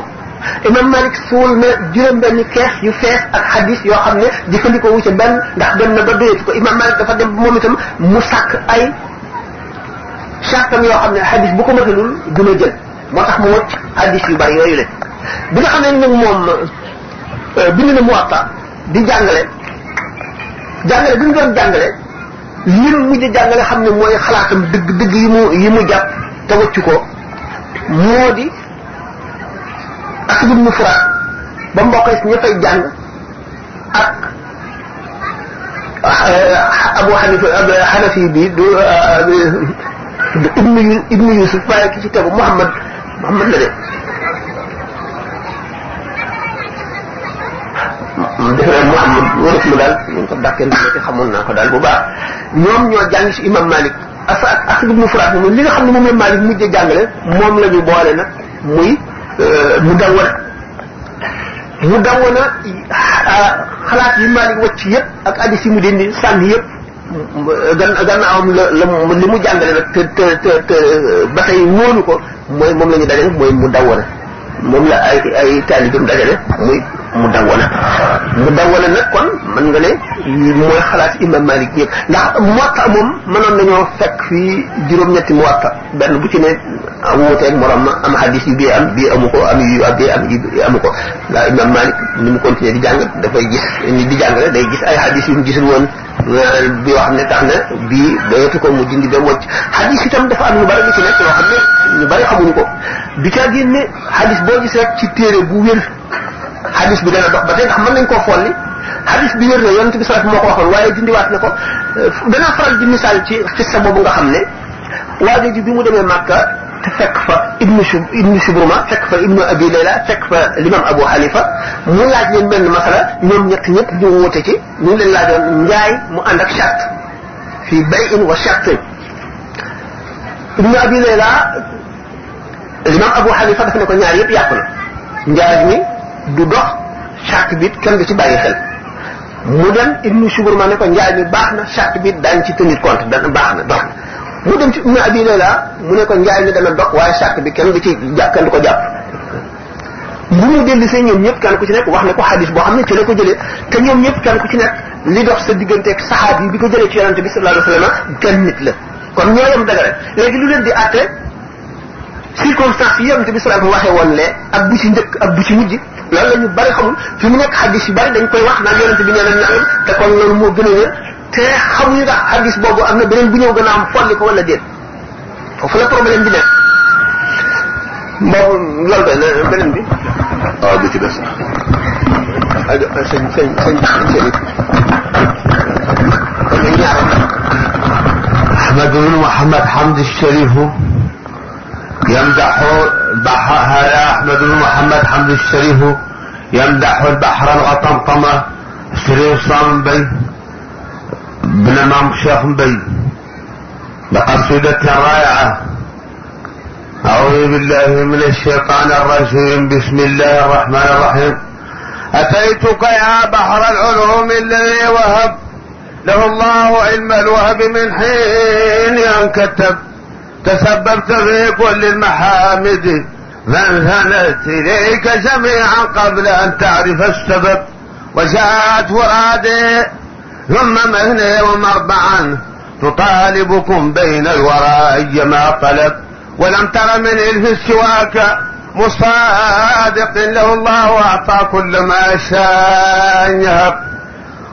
imam Malik suul na juróom-benni kees yu fees ak hadis yoo xam ne jëkkandikoo wu ca benn ndax dem na ba doyetu ko imam Malik dafa dem moom itam mu sàkk ay chartam yoo xam ne hadis bu ko matalul du ma jël moo tax mu wëcc hadis yu bari yooyu la bi nga xam ne nag moom euh, bind na Muwatta di jàngale jàngale bi jàngale. li mu mujj jàng nga xam ne mooy xalaatam dëgg dëgg yi mu yi mu jàpp te wëccu ko moo di asbul mufrad ba mbokkee si ña fay jàng ak ah, abu xanifa xanafi bi du ah, ibnu ibnu yusuf waaye ki ci tegu muhammad muhammad la de defaree mu am wërëf lu daal ñu ngi ko dàkkee ko daal bu baax ñoom ñoo jàng si imam Malik asa ak ibnu moom li nga xam ne moom la Malik mujj jàngale moom la ñu boole nag muy mu dawwana mu dawwana xalaat yi Malik wacc yëpp ak addis yi mu dindi sànni yëpp gan gannaawam la la li mu jàngale nag te ba tey ko mooy moom la ñu dajale mooy mu dawwana moom la ay ay dajale muy. mu dawwana mu dawwana nag kon mën nga ne mooy xalaat imam Malik yëpp ndax muwatta moom mënoon nañoo fekk fii juróom-ñetti muwatta benn bu ci ne wuuteeg morom ma am hadis yu bii am bii amu ko am yu am amu ko ndax imam Malik ni mu continuer di jàng dafay gis ni di jàngale day gis ay hadis yu mu gisul woon euh, bi yoo xam ne tax na bii doyatu ko mu dindi dem wàcc hadis itam dafa am ñu bari lu ci nekk loo xam ne ñu bari xamuñu ko bi caa génne hadis boo gis rek ci téere bu wér xadis bi dana dox ba tey ndax mën nañ koo folli xadis bi wér na yonent bi sarat moo ko waxoon waaye dindiwaat na ko euh, danaa faral di misaal ci xissa boobu nga xam ne waajo ji bi mu demee Màkka te fekk fa ibnu sub ibnu subruma fekk fa ibnu abi layla fekk fa l'imam abu hanifa mu laaj leen benn masala ñoom ñett ñëpp ñu wute ci ñu leen laajoon njaay mu ànd ak charte fii bay in wa charte ibnu abi layla l'imam abu hanifa dafa ne ko ñaar yëpp yàqu na njaay mi du dox charte bi kenn du ci bàyyi xel mu dem ibnu Shuburma ne ko njaay mi baax na charte bi daañ ci tenir compte dana baax na dox mu dem ci ibnu Abi Layla mu ne ko njaay mi dana dox waaye charte bi kenn bi ci jàpp kenn du ko jàpp see ñoom ñëpp kenn ku ci nekk wax na ko xadis boo xam ne ci la ko jëlee te ñoom ñëpp kenn ku ci nekk li dox sa digganteeg saxaab yi bi ko jëlee ci yonente bi sallallahu alayhi wasallam kenn nit la kon ñoo yem dëgg lu leen di àtte circonstance yi yonente bi sallallahu waxee woon lee ak bu ci njëkk ak bu ci mujj loolu la ñu bari xamul fi mu nekk xaddis yu bari dañ koy wax naan yonente bi nee na nangam te kon loolu moo gën a wér te xamuñu ndax xaddis boobu am na beneen bu ñëw gën a am folli ko wala déet foofu la problème bi nekk. moom loolu de beneen bi. waaw ah, bi ci des. aywa euh, sëñ sëñ sëñ sëñ. kon nag ñaar. Ahmadu Muhammad Hamdi Sharifu يمدح هذا أحمد بن محمد حمد الشريف يمدح البحر الغطمطمة شريف صام بي بن مام شيخ بي بقصيدة رائعة أعوذ بالله من الشيطان الرجيم بسم الله الرحمن الرحيم أتيتك يا بحر العلوم الذي وهب له الله علم الوهب من حين أن كتب تسببت في كل المحامد فانثنت إليك جميعا قبل أن تعرف السبب وجاءت فرادي ثم مثني ومربعا تطالبكم بين الورى أيما طلب ولم تر من إلف سواك مصادق له الله أعطى كل ما شاء يهب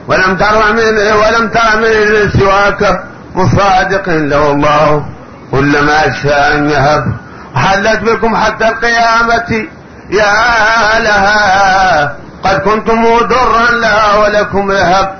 ولم تر من ولم تر من سواك مصادق له الله كلما أجفان يهب حلت بكم حتى القيامة يا لها قد كنتم درا لها ولكم يهب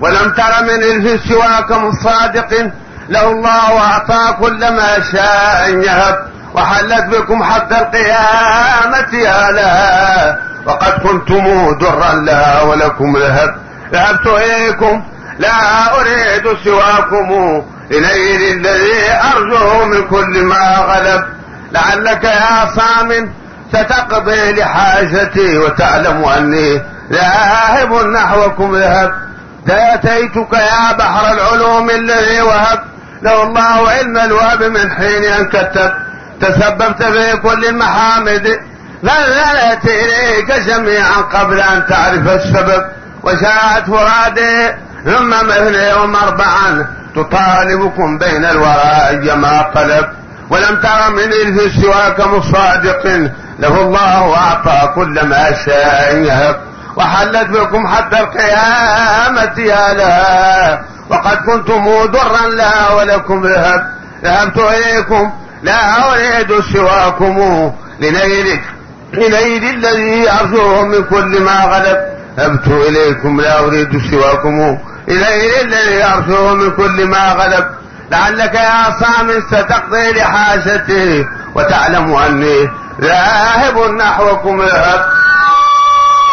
ولم تر من إلف سواكم صادق له الله أعطى كل ما شاء يهب وحلت بكم حتى القيامة يا لها وقد كنتم درا لها ولكم لهب ذهبت إليكم لا أريد سواكم لنيل الذي أرجوه من كل ما غلب لعلك يا صام ستقضي لحاجتي وتعلم أني ذاهب نحوكم ذهب فأتيتك يا بحر العلوم الذي وهب له الله علم الوهب من حين أن كتب تسببت في كل المحامد فذلت إليك جميعا قبل أن تعرف السبب وشاءت فرادي ثم مثلي ومربعا تطالبكم بين الوراء جما طلب ولم تر من إلف سواك مصادق له الله أعطى كل ما شاء يهب وحلت بكم حتى القيامة يا لها وقد كنتم ضرا لها ولكم ذهب ذهبت إليكم لا أريد سواكم لنيلك لنيل الذي أرجوه من كل ما غلب ذهبت إليكم لا أريد سواكم إليه الذي أرجوه من كل ما غلب لعلك يا صام ستقضي لحاجته وتعلم أني ذاهب نحوكم الهب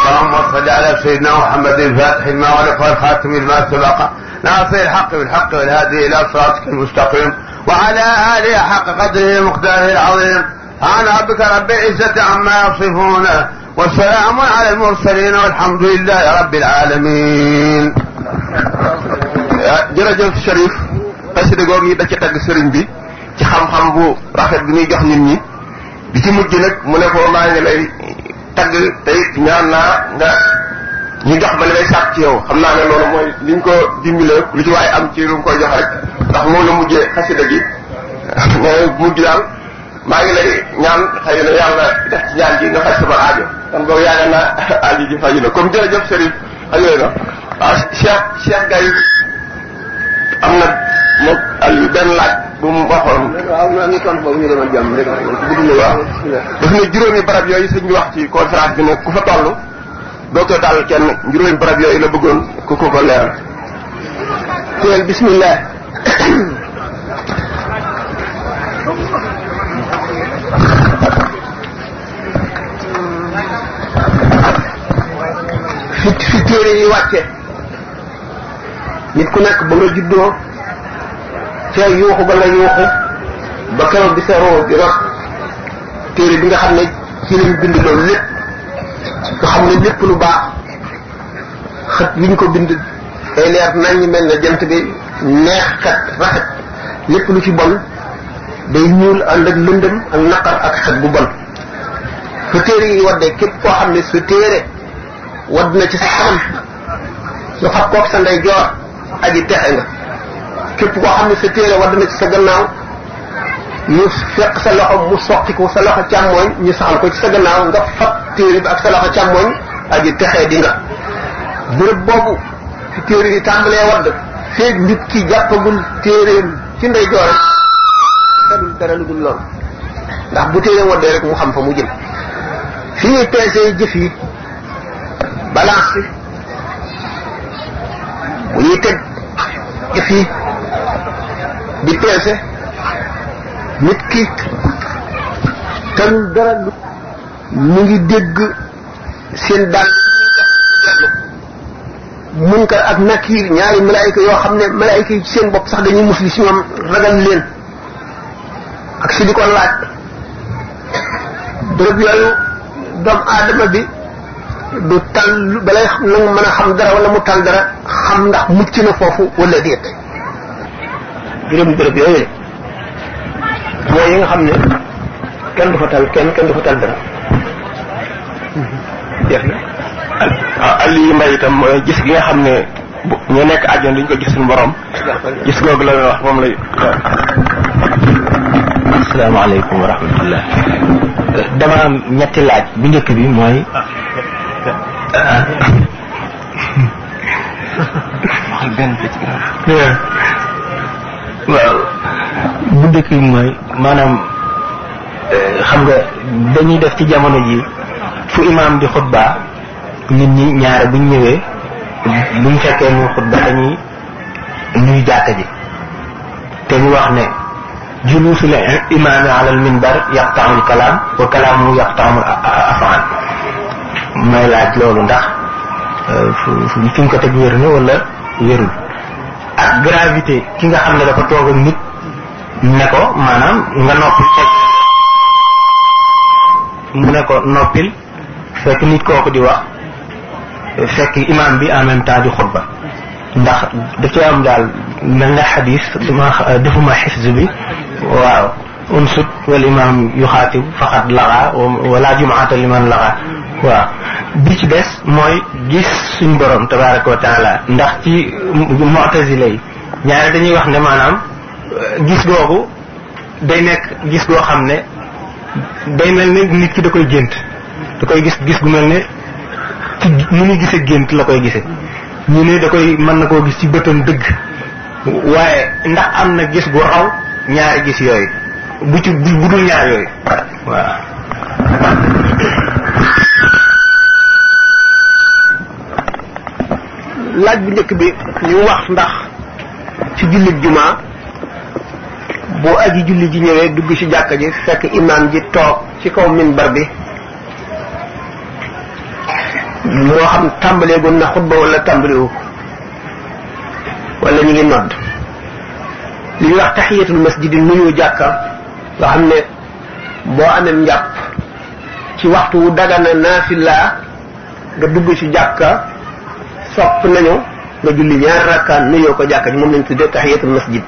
اللهم صل على سيدنا محمد الفاتح لما ولق والخاتم لما سبق ناصر الحق بالحق والهادي إلى صراطك المستقيم وعلى آله حق قدره مقداره العظيم سبحان ربك رب العزة عما يصفون والسلام على المرسلين والحمد لله رب العالمين jërëjëf Chérif xasida googu yi da ci tagg sëriñ bi ci xam-xam bu rafet bi muy jox nit ñi bi ci mujj nag mu ne ko maa ngi lay tagg tey ñaan naa nga ñu jox ba li lay sàkk ci yow xam naa ne loolu mooy liñ ko dimbalee lu ci waaye am ci lu mu koy jox rek ndax moom la mujjee xasida gi mais mujj daal maa ngi lay ñaan xëy na yàlla def ci ñaan ji nga faj sama aajo kon boobu yaakaar naa aajo ji faju na comme jërëjëf Serigne xajulay na ah, waaw Cheikh Cheikh Gaye am na moom Aliou benn laaj bu mu waxoon. waaw am na tontu boobu ñu doon jàmm rek. waaw daf ne
juróomi barab yooyu sëñ wax ci conférence bi ne ku fa toll doo ko daal kenn juróomi barab yooyu la bëggoon ku ko ko leeral.
teel bismillah fi fi téere yi wàcce nit ku nekk ba nga juddoo ca yuuxu ba la yuuxu ba keroog bi sa roo di rot téere bi nga xam ne ci lañ bind loolu lépp nga xam ne lépp lu baax xët wi ñu ko bind day leer naññ mel na jant bi neex kat rafet lépp lu ci bon day ñuul ànd ak lëndëm ak naqar ak xet bu bon fa téere yi wadde képp koo xam ne sa téere wadd na ci sa xaram ñu xab kook sa ndey joor aji texe nga képp koo xam ne sa téere wadd na ci sa gannaaw ñu sa loxo mu soqiku sa loxo càmmooñ ñu saxal ko ci sa gannaaw nga fab téere bi ak sa loxo càmmooñ aji texe di nga bërëb boobu fi téere yi tàmbalee wadd feeg nit ki jàppagul téereem ci ndey jooram ndax bu téereem waddee rek mu xam fa mu jëm fi peesee jëf yi balance bi bu ñuy teg jëf yi peese nit ki tanul dara lu ngi dégg seen daan munkar ak nakiir ñaari malaayika yoo xam ne malaayika yi seen bopp sax dañuy musli ci ñoom ragal leen ak si di ko yooyu doomu aadama bi du tal balay nangu mën xam dara wala mu tal dara xam ndax mucc na foofu wala déet juróomi bërëb yi nga xam ne kenn du fa tal kenn kenn du fa tal
dara jeex na waaw ah, àll yi mbay itam mooy gis gi nga xam ne ñu nekk àjjana duñ ko gis suñu borom gis googu la wax moom lay
asalaamaaleykum wa rahmatullah dama am ñetti laaj bu bi mooy bu njëkk mooy maanaam xam nga dañuy def ci jamono ji fu imaam di xutba nit ñi ñaar buñ ñëwee buñ fekkee ñu xutba dañuy nuyu jàkka ji te ñu wax ne juluusul imaami alal minbar yaqta'ul kalaam wa kalaamu yaqta'ul af'aal may laaj loolu ndax euh, fu fi ñu ko teg wér na wala wérul ak gravité ki nga xam ne dafa toog ak nit ne ko maanaam nga noppi ne ko noppil fekk nit kooku di wax fekk imam bi en même temps di xutba ndax da ci daal mel na xifz bi waaw unsut wal imam yuxaatib faqat laxaa wala jumaata liman laxaa waaw bi ci des mooy gis suñ borom tabaraka wa taala ndax ci mu'tazila yi ñaare dañuy wax ne maanaam
euh, gis googu day nekk gis goo xam ne day mel ni nit ki da koy gént da koy gis gis gu mel ne ci ni muy gisee gént la koy gise ñu ne da koy mën na koo gis ci bëtam dëgg waaye ndax am na gis gu raw ñaari gis yooyu bu ci bu dul ñaar yooyu waaw
laaj bu njëkk bi ñu wax ndax ci jullit jumaa boo aji julli ji ñëwee dugg ci jàkka ji fekk imaam ji toog ci kaw minbar bi moo xam tàmbaleegun na xutba wala tàmbalewu wala ñu ngi nodd li ñuy wax taxiyatul masjid nuyu jàkka nga xam ne boo amee njàpp ci waxtu wu dagana naafila nga dugg ci jàkka sopp nañu nga julli ñaar rakkaan nuyoo ko jàkka ji moom lañ tuddee tahiyatul masjid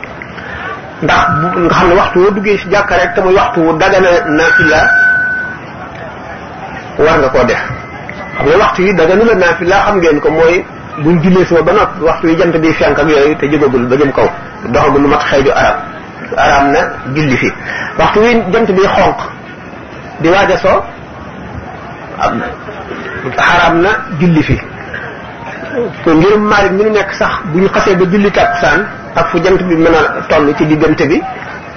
ndax bu nga xam ne waxtu woo duggee ci jàkka rek te muy waxtu wu dagana naafila nga koo def xam nga waxtu yi daganu la naafila xam ngeen ko mooy buñ jullee suba ba noppi waxtu yi jant bi fenk ak yooyu te jógagul ba jëm kaw doxagul lu mat xëyju arab araam na julli fi waxtu wi jant bi xonq di waaj a soo xaraam na julli fi te ngirum Maalik mi ñu nekk sax bu ñu xasee ba julli tàkkusaan ak fu jant bi mën a toll ci diggante bi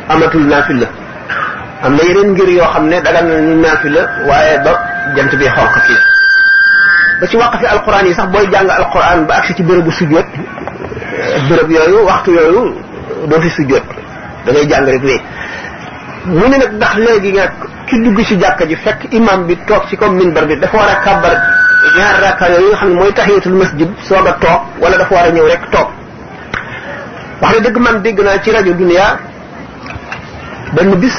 amatul la am na yeneen ngir yoo xam ne dagal na ñu naafila waaye ba jant bi xonq la ba ci wàqfi yi sax booy jàng alquran ba ci bërëbu sujjóot eh, bërëb yooyu waxtu yooyu doo fi sujjóot da jàng rek wéy mu ne nag ndax léegi nga ki dugg ci jàkka ji fekk imam bi toog ci comme minbar bi dafa war a kàbbar ñaar rakka yooyu nga xam ne mooy tahiyatul masjid soog a toog wala dafa war a ñëw rek toog wax na dëgg man dégg naa ci rajo dunia benn bis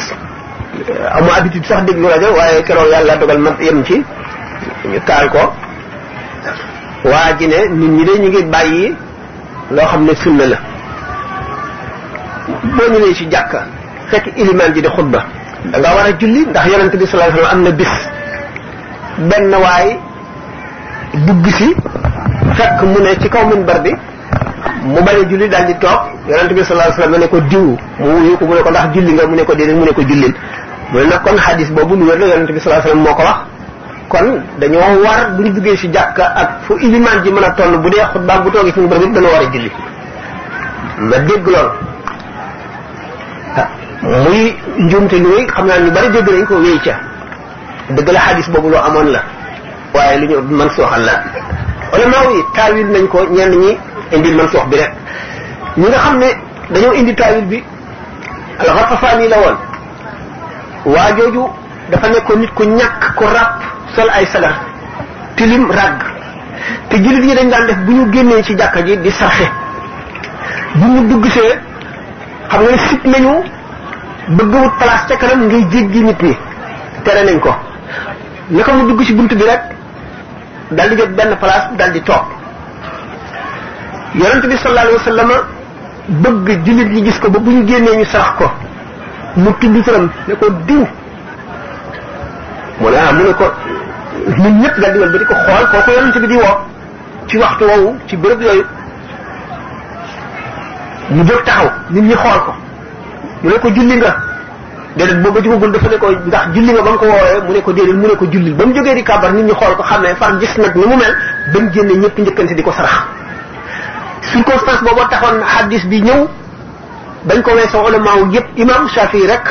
euh, amoo habitude sax déglu rajo waaye keroog yàlla dogal ma yem ci ñu ko waa ji nit ñi de ñu ngi bàyyi loo xam ne sunna la boo ñëwee ci jàkka fekk ilimaan ji di xutba da war a julli ndax yonente bi sallallahu alayhi wasallam am na bis benn waay dugg si fekk mu ne ci kaw minbar bi mu bañ a julli daal di toog yonent bi sallallahu alayhi wasallam ne ko diw mu wuyu ko mu ne ko ndax julli nga mu ne ko déedéet mu ne ko jullil mu ne nag kon xadis boobu lu wér la yonent bi sallallahu alayhi moo ko wax kon dañoo war bu ñu duggee si jàkka ak fu ji mën a toll bu dee xutba bu toogee suñu bërëb war a julli ma dégg lool muy njuumte lu wéy xam naa ni bari dégg nañ koo wéy ca dëgg la xadis boobu loo amoon la waaye li ñu mën sooxal la ulama yi taawil nañ ko ñenn ñi indi mën soox bi rek ñi nga xam ne dañoo indi taawil bi alxafafaani la woon waa jooju dafa nekkoon nit ku ñàkk ko ràpp sol ay sagar tilim ràgg te jullit ñi dañ daan def bu ñu génnee ci jàkka ji di sarxe bu ñu dugg see xam nga sit nañu bëgg wut place ca kanam ngay jéggi nit ñi tere nañ ko naka mu dugg ci bunt bi rek dal di benn place dal di toog yonent bi sallallahu alayhi wa bëgg jullit ñi gis ko ba bu ñu génnee ñu sarax ko mu tudd turam ne ko diw mu ne ah mu ne ko nit ñëpp dal di wal ko xool di woo ci waxtu woowu ci béréb yooyu mu jóg taxaw nit ñi xool ko mu ne ko julli nga déedéet boobu jugagul dafa ne ko ndax julli nga ba nga ko woowee mu ne ko déedéet mu ne ko jullil ba mu jógee di kàbbar nit ñi xool ko xam ne far gis nag ni mu mel ba mu génne ñëpp njëkkante di ko sarax circonstance boobu taxoon hadis bi ñëw bañ ko weesoo ulama wu yëpp imam rek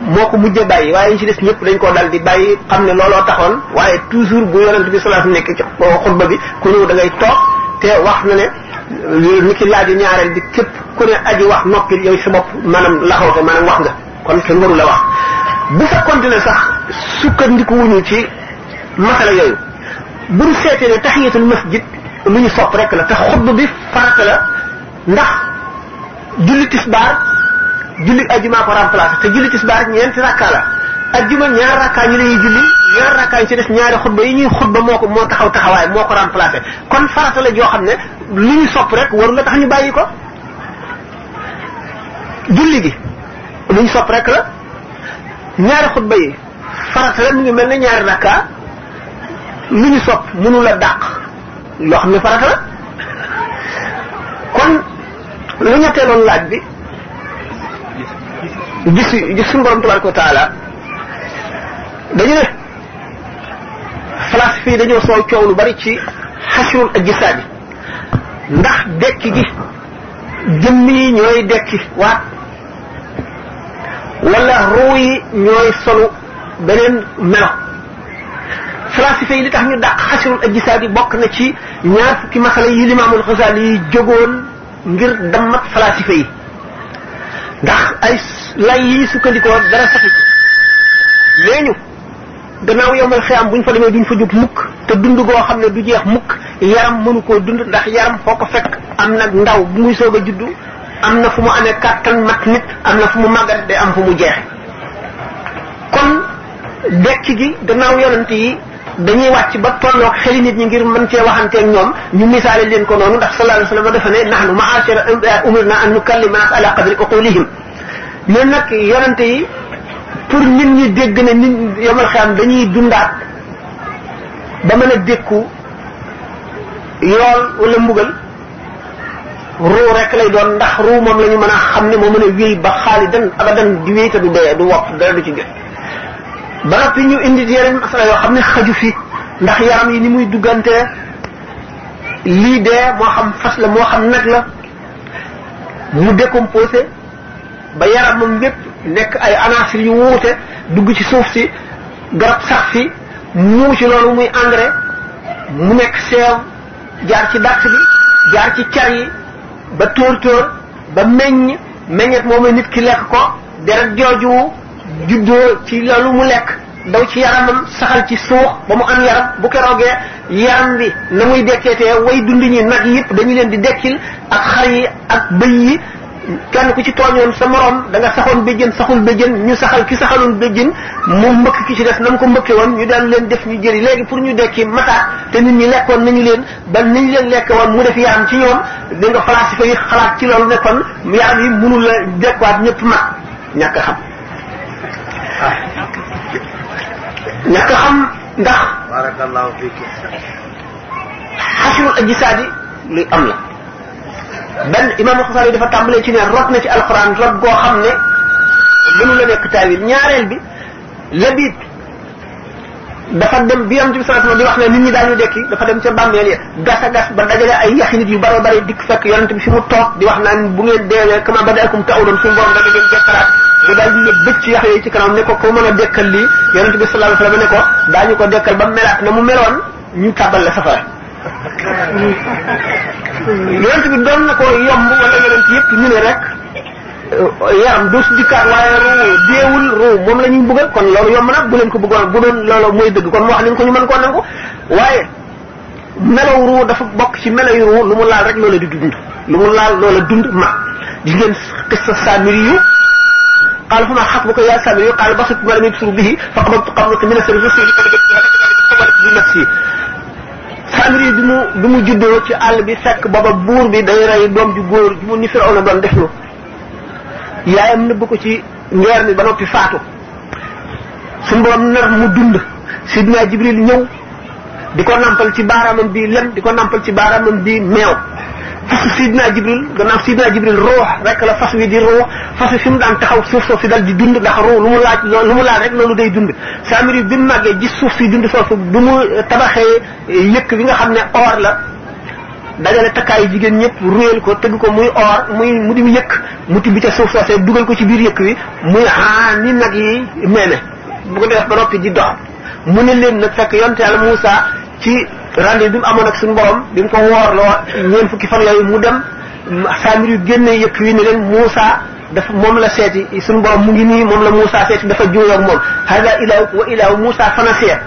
moo ko mujjee bàyyi waaye ñu ci des ñëpp dañ koo dal di bàyyi xam ne looloo taxoon waaye toujours bu yonent bi sallallahu alayhi wasallam nekk ci xutba bi ku ñëw da ngay toog te wax na ne ni ki laaju ñaareel bi képp ku ne aji wax noppil yow sa bopp maanaam laxawte maanaam wax nga kon kenn waru la wax bu sa continuer sax sukkandiku wuñu ci masala yooyu bu ñu seetee ne tahiyatul masjid lu ñu sopp rek la te xutba bi farata la ndax julli tisbaar julli ajuma ko remplacé te julli tisbaar ñeenti rakka la ajuma ñaar rakka ñu lañuy julli ñaar rakka ñu ci des ñaari xutba yi ñuy xutba moo ko moo taxaw taxawaay moo ko remplacé kon farata la xam ne lu ñu sopp rek waru la tax ñu bàyyi ko julli gi luñ sopp rekk la ñaari xutba yi farata la mu ngi mel ni ñaari rakka mu ñu sopp mënu la dàq loo xam ne farat la kon lu ñetteeloon laaj bi gis gis suñu borom tabaraka taala dañu ne philosophe yi dañoo soow coow lu bari ci xasrul ak gisaat yi ndax dekki gi jëmm yi ñooy dekki waat wala ruu yi ñooy solu beneen melo falasifa yi li tax ñu dàq xasirul ajjisaat yi bokk na ci ñaar fukki masala yi limaamul xasaali yi jógoon ngir dammat falasifa yi ndax ay lay yi sukkandikoo dara saxi nee ñu gannaaw yombal xiyam bu ñu fa demee duñ fa jóg mukk te dund goo xam ne du jeex mukk yaram mënu koo dund ndax yaram foo ko fekk am nag ndaw bu muy soog a juddu am na fu mu amee kàttan mat nit am na fu mu màggat de am fu mu jeexe kon dekk gi gannaaw yonent yi dañuy wàcc ba tolloog xeli nit ñi ngir mën cee waxanteeg ñoom ñu misaale leen ko noonu ndax sallallahu alayhi wasallam dafa ne nahnu ma'ashira eh, umirna an nukallima nas ala qadri uqulihim ñun nag yonent yi pour nit ñi dégg ne nit yomal xam dañuy dundaat ba mën a dékku yool wala mbugal ruu rek lay doon ndax ruu moom la ñu mën a xam ne moo mën a wéy ba xaalidan abadan di wéy te du dee du wopp dara du ci gën ba yi ñu indi yeneen masala yoo xam ne xaju fi ndax yaram yi ni muy duggante lii dee moo xam fas la moo xam nag la mu décomposé ba yaram yépp nekk ay anasir yu wuute dugg ci suuf si garab sax si muu ci loolu muy engrais mu nekk seew jaar ci dàtt bi jaar ci car yi ba tóor tóor ba meññ meññet moom nit ki lekk ko deret jooju juddoo ci loolu mu lekk daw ci yaramam saxal ci suux ba mu am yaram bu keroogee yaram bi na muy dekkeetee way dund ñi nag yëpp dañu leen di dekkil ak xar ak bëy yi kenn ku ci tooñoon sa morom da nga saxoon béjjën saxul béjjën ñu saxal ki saxaloon béjjën mu mbëkk ki ci def na mu ko mbëkke woon ñu daan leen def ñu jëri léegi pour ñu dekki mataat te nit ñi lekkoon nañu leen ba ni ñu leen lekk woon mu def yaam ci ñoom da nga falasifa yi xalaat ci loolu nekkoon yaam yi mënul la dekkuwaat ñëpp mat ñàkk a xam ndax a xam ndax barakallahu fiki xasrul ajsaadi luy am la ban benn imam Xasaali dafa tàmbalee ci ne rot na ci alxuraan rot goo xam ne mënu la nekk taawil ñaareel bi Labiid dafa dem bi am ci sallallahu alayhi wasallam di wax ne nit ñi daañu dekki dafa dem ca bàmmeel ya gas a gas ba dajale ay yaxi nit yu bare bare mu to di wax naan bu ngeen de kama badaakum ta'uuduun suñu borom dana ngeen jekkaraat mu daal di ne bëcc yax ko ko mën a dekkal lii yonent bi sallallahu alayhi wasallam ne ko daañu ko dekkal ba melaat na mu meloon ñu tàbbal la safara yonent bi doon na ko yomb wala yonent yëpp ñu ne rek eh, yaram du si dikkaat waaye ruu deewul ruu moom la ñuy bëggal kon loolu yomb na bu leen ko bëggoon bu doon loolu mooy dëgg kon wax nañ ko ñu mën koo nangu waaye melaw ruu dafa bokk ci melaw yu ruu lu mu laal rek loola di dund lu mu laal loola dund ma di ngeen xissa saamiri yu xaala fa maa xat bu ko yaa saamiri yu xaala basut ma lam yabsuru bihi faqad qabtu min as-sirri Samiri bi mu bi mu juddoo ci àll bi fekk booba buur bi day rey doom ju góor ju mu ni Firawna doon def lu yaayam nëbb ko ci ngeer mi ba noppi faatu suñu borom nar mu dund Sidna Jibril ñëw di ko nampal ci baaraamam bi lem di ko nampal ci baaraamam bi meew fasu sidna jibril gannaaw sidna jibril ruux rek la fas wi di ruux fas wi fi mu daan taxaw suuf soof si dal di dund ndax ruux lu mu laaj loolu day dund saamiri bi mu màggee gis suuf si dund soosu bu mu tabaxee yëkk bi nga xam ne or la dajale takkaayu jigéen ñëpp réel ko tëgg ko muy or muy mu di yëkk mu tibb ca suuf soosee dugal ko ci biir yëkk wi muy aa ni nag yi meene bu ko def ba noppi di dox mu ne leen nag fekk yonte yàlla Muusa ci rendez-vous bi mu amoon ak suñu borom bi mu ko woorloo ñeent fukki fan yooyu mu dem saamir yu génne yëkk wi ne leen Moussa dafa moom la seeti suñu borom mu ngi nii moom la Moussa seeti dafa juuyoo ak moom hada ilaahu wa ilaahu Moussa fanasiya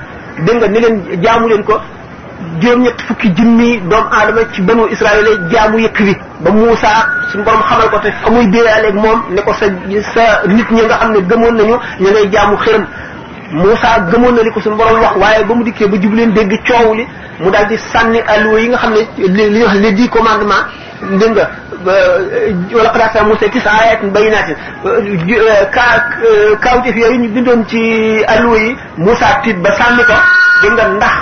dégg nga ni leen jaamu leen ko juróom-ñett fukki junni doomu aadama ci banu Israël jaamu yëkk wi ba Moussa suñu borom xamal ko te fa muy biiraaleeg moom ne ko sa sa nit ñi nga xam ne gëmoon nañu ñu ngay jaamu xërëm Moussa gëmoon na li ko suñu borom wax waaye ba mu dikkee ba jub leen dégg coow li mu daal di sànni alluwa yi nga xam ne li ñuy wax les dix commandements dégg nga euh, wala xadaasa Moussa tis ayatin bayinatin euh, kaa euh, kaawteef yooyu ñu bindoon ci alluwa yi Moussa tiit ba sànni ko dégg nga ndax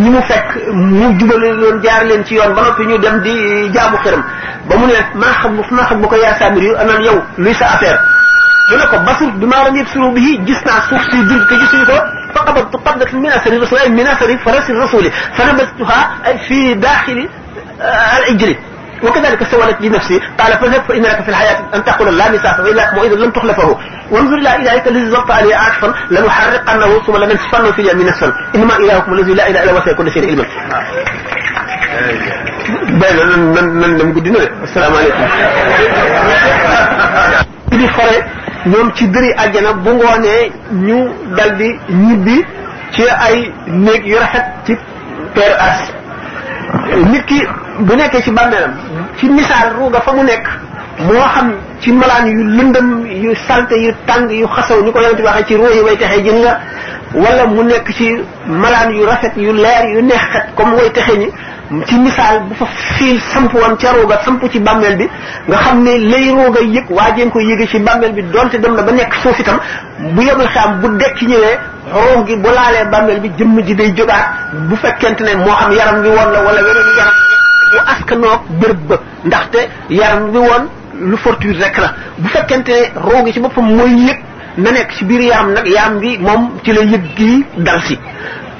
ñu mu fekk mu jubal leen jaar leen ci yoon ba noppi ñu dem di jaamu xërëm ba mu ne ma xam maa xam bu ko yaa Samir yu anaan yow luy sa affaire. mu ne ko basur bi maa ngi suru bi gis naa suuf si jur te gisuñu ko fa xabat tu xabat min asari rasul ay min asari farasi rasuli fa nabattuha fi daaxili uh, al ijri وكذلك سولت لنفسي قال فاذهب فإن لك في الحياة أن تقول لا مساس وإلا موعد لم تخلفه وانظر إلى إلهك الذي ظلت عليه عاكفا لنحرقنه ثم لنسفنه في اليم نسفا إنما إلهكم الذي لا إله إلا وسع كل شيء علما bay na nan nan dem guddi na de asalaamaaleykum di fare ñoom ci dëri àjjana bu ngoonee ñu daldi bi ci ay néeg yu rafet ci terre as nit ki bu nekkee ci bàmmeelam ci misaal ruuga fa mu nekk moo xam ci malaan yu lëndëm yu salte yu tàng yu xasaw ni ko yonent bi waxee ci ruux yi way texee jën la wala mu nekk ci malaan yu rafet yu leer yu neex xet comme way texe ñi ci misaal bu fa fiil samp woon ca rooga samp ci bàmmeel bi nga xam ne lay rooga yëg waajeen ko yëge ci bàmmeel bi donte dem na ba nekk suuf itam bu yebal xam bu dekk ñëwee roox gi bu laalee bàmmeel bi jëmm ji day jógaat bu fekkente ne moo xam yaram bi woon la wala weneen yaram mu askanoog bërëb ba ndaxte yaram bi woon lu fortuit rek la bu fekkente ne roogi ci boppam mooy yëg na nekk ci biir yaram nag yaam bi moom ci la yëg gi dal si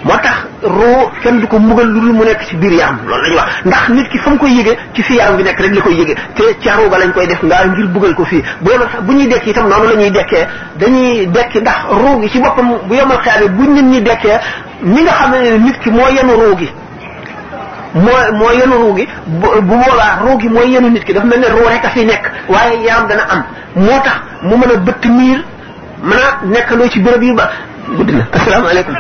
moo tax roo kenn du ko mbugal lu mu nekk ci biir yaram loolu la wax ndax nit ki fa mu koy yëgee ci fi yaram wi nekk rek la koy yëgee te ca roo ba lañ koy def ngaa ngir bugal ko fii bu ñuy dekk itam noonu la ñuy dekkee dañuy dekk ndax roo gi ci boppam bu yomal xeyabe buñ nit ñi dekkee ñi nga xam ne nit ki moo yenu roo gi moo moo yenu ruu gi bu boobaa ruu gi mooy yenu nit ki dafa mel ne ruu rek a fi nekk waaye yaram dana am moo tax mu mën a bëtt miir mën a nekkaloo ci béréb yi baax gudd na asalaamaaleykum.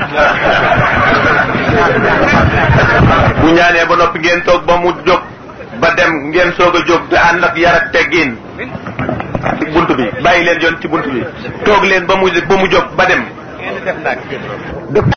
bu ñaanee ba noppi ngeen toog ba mu jóg ba dem ngeen soog a jóg te ànd ak yar ak teggin ci bunt bi bàyyi leen yoon ci bunt bi toog leen ba mu ba mu jóg ba
dem.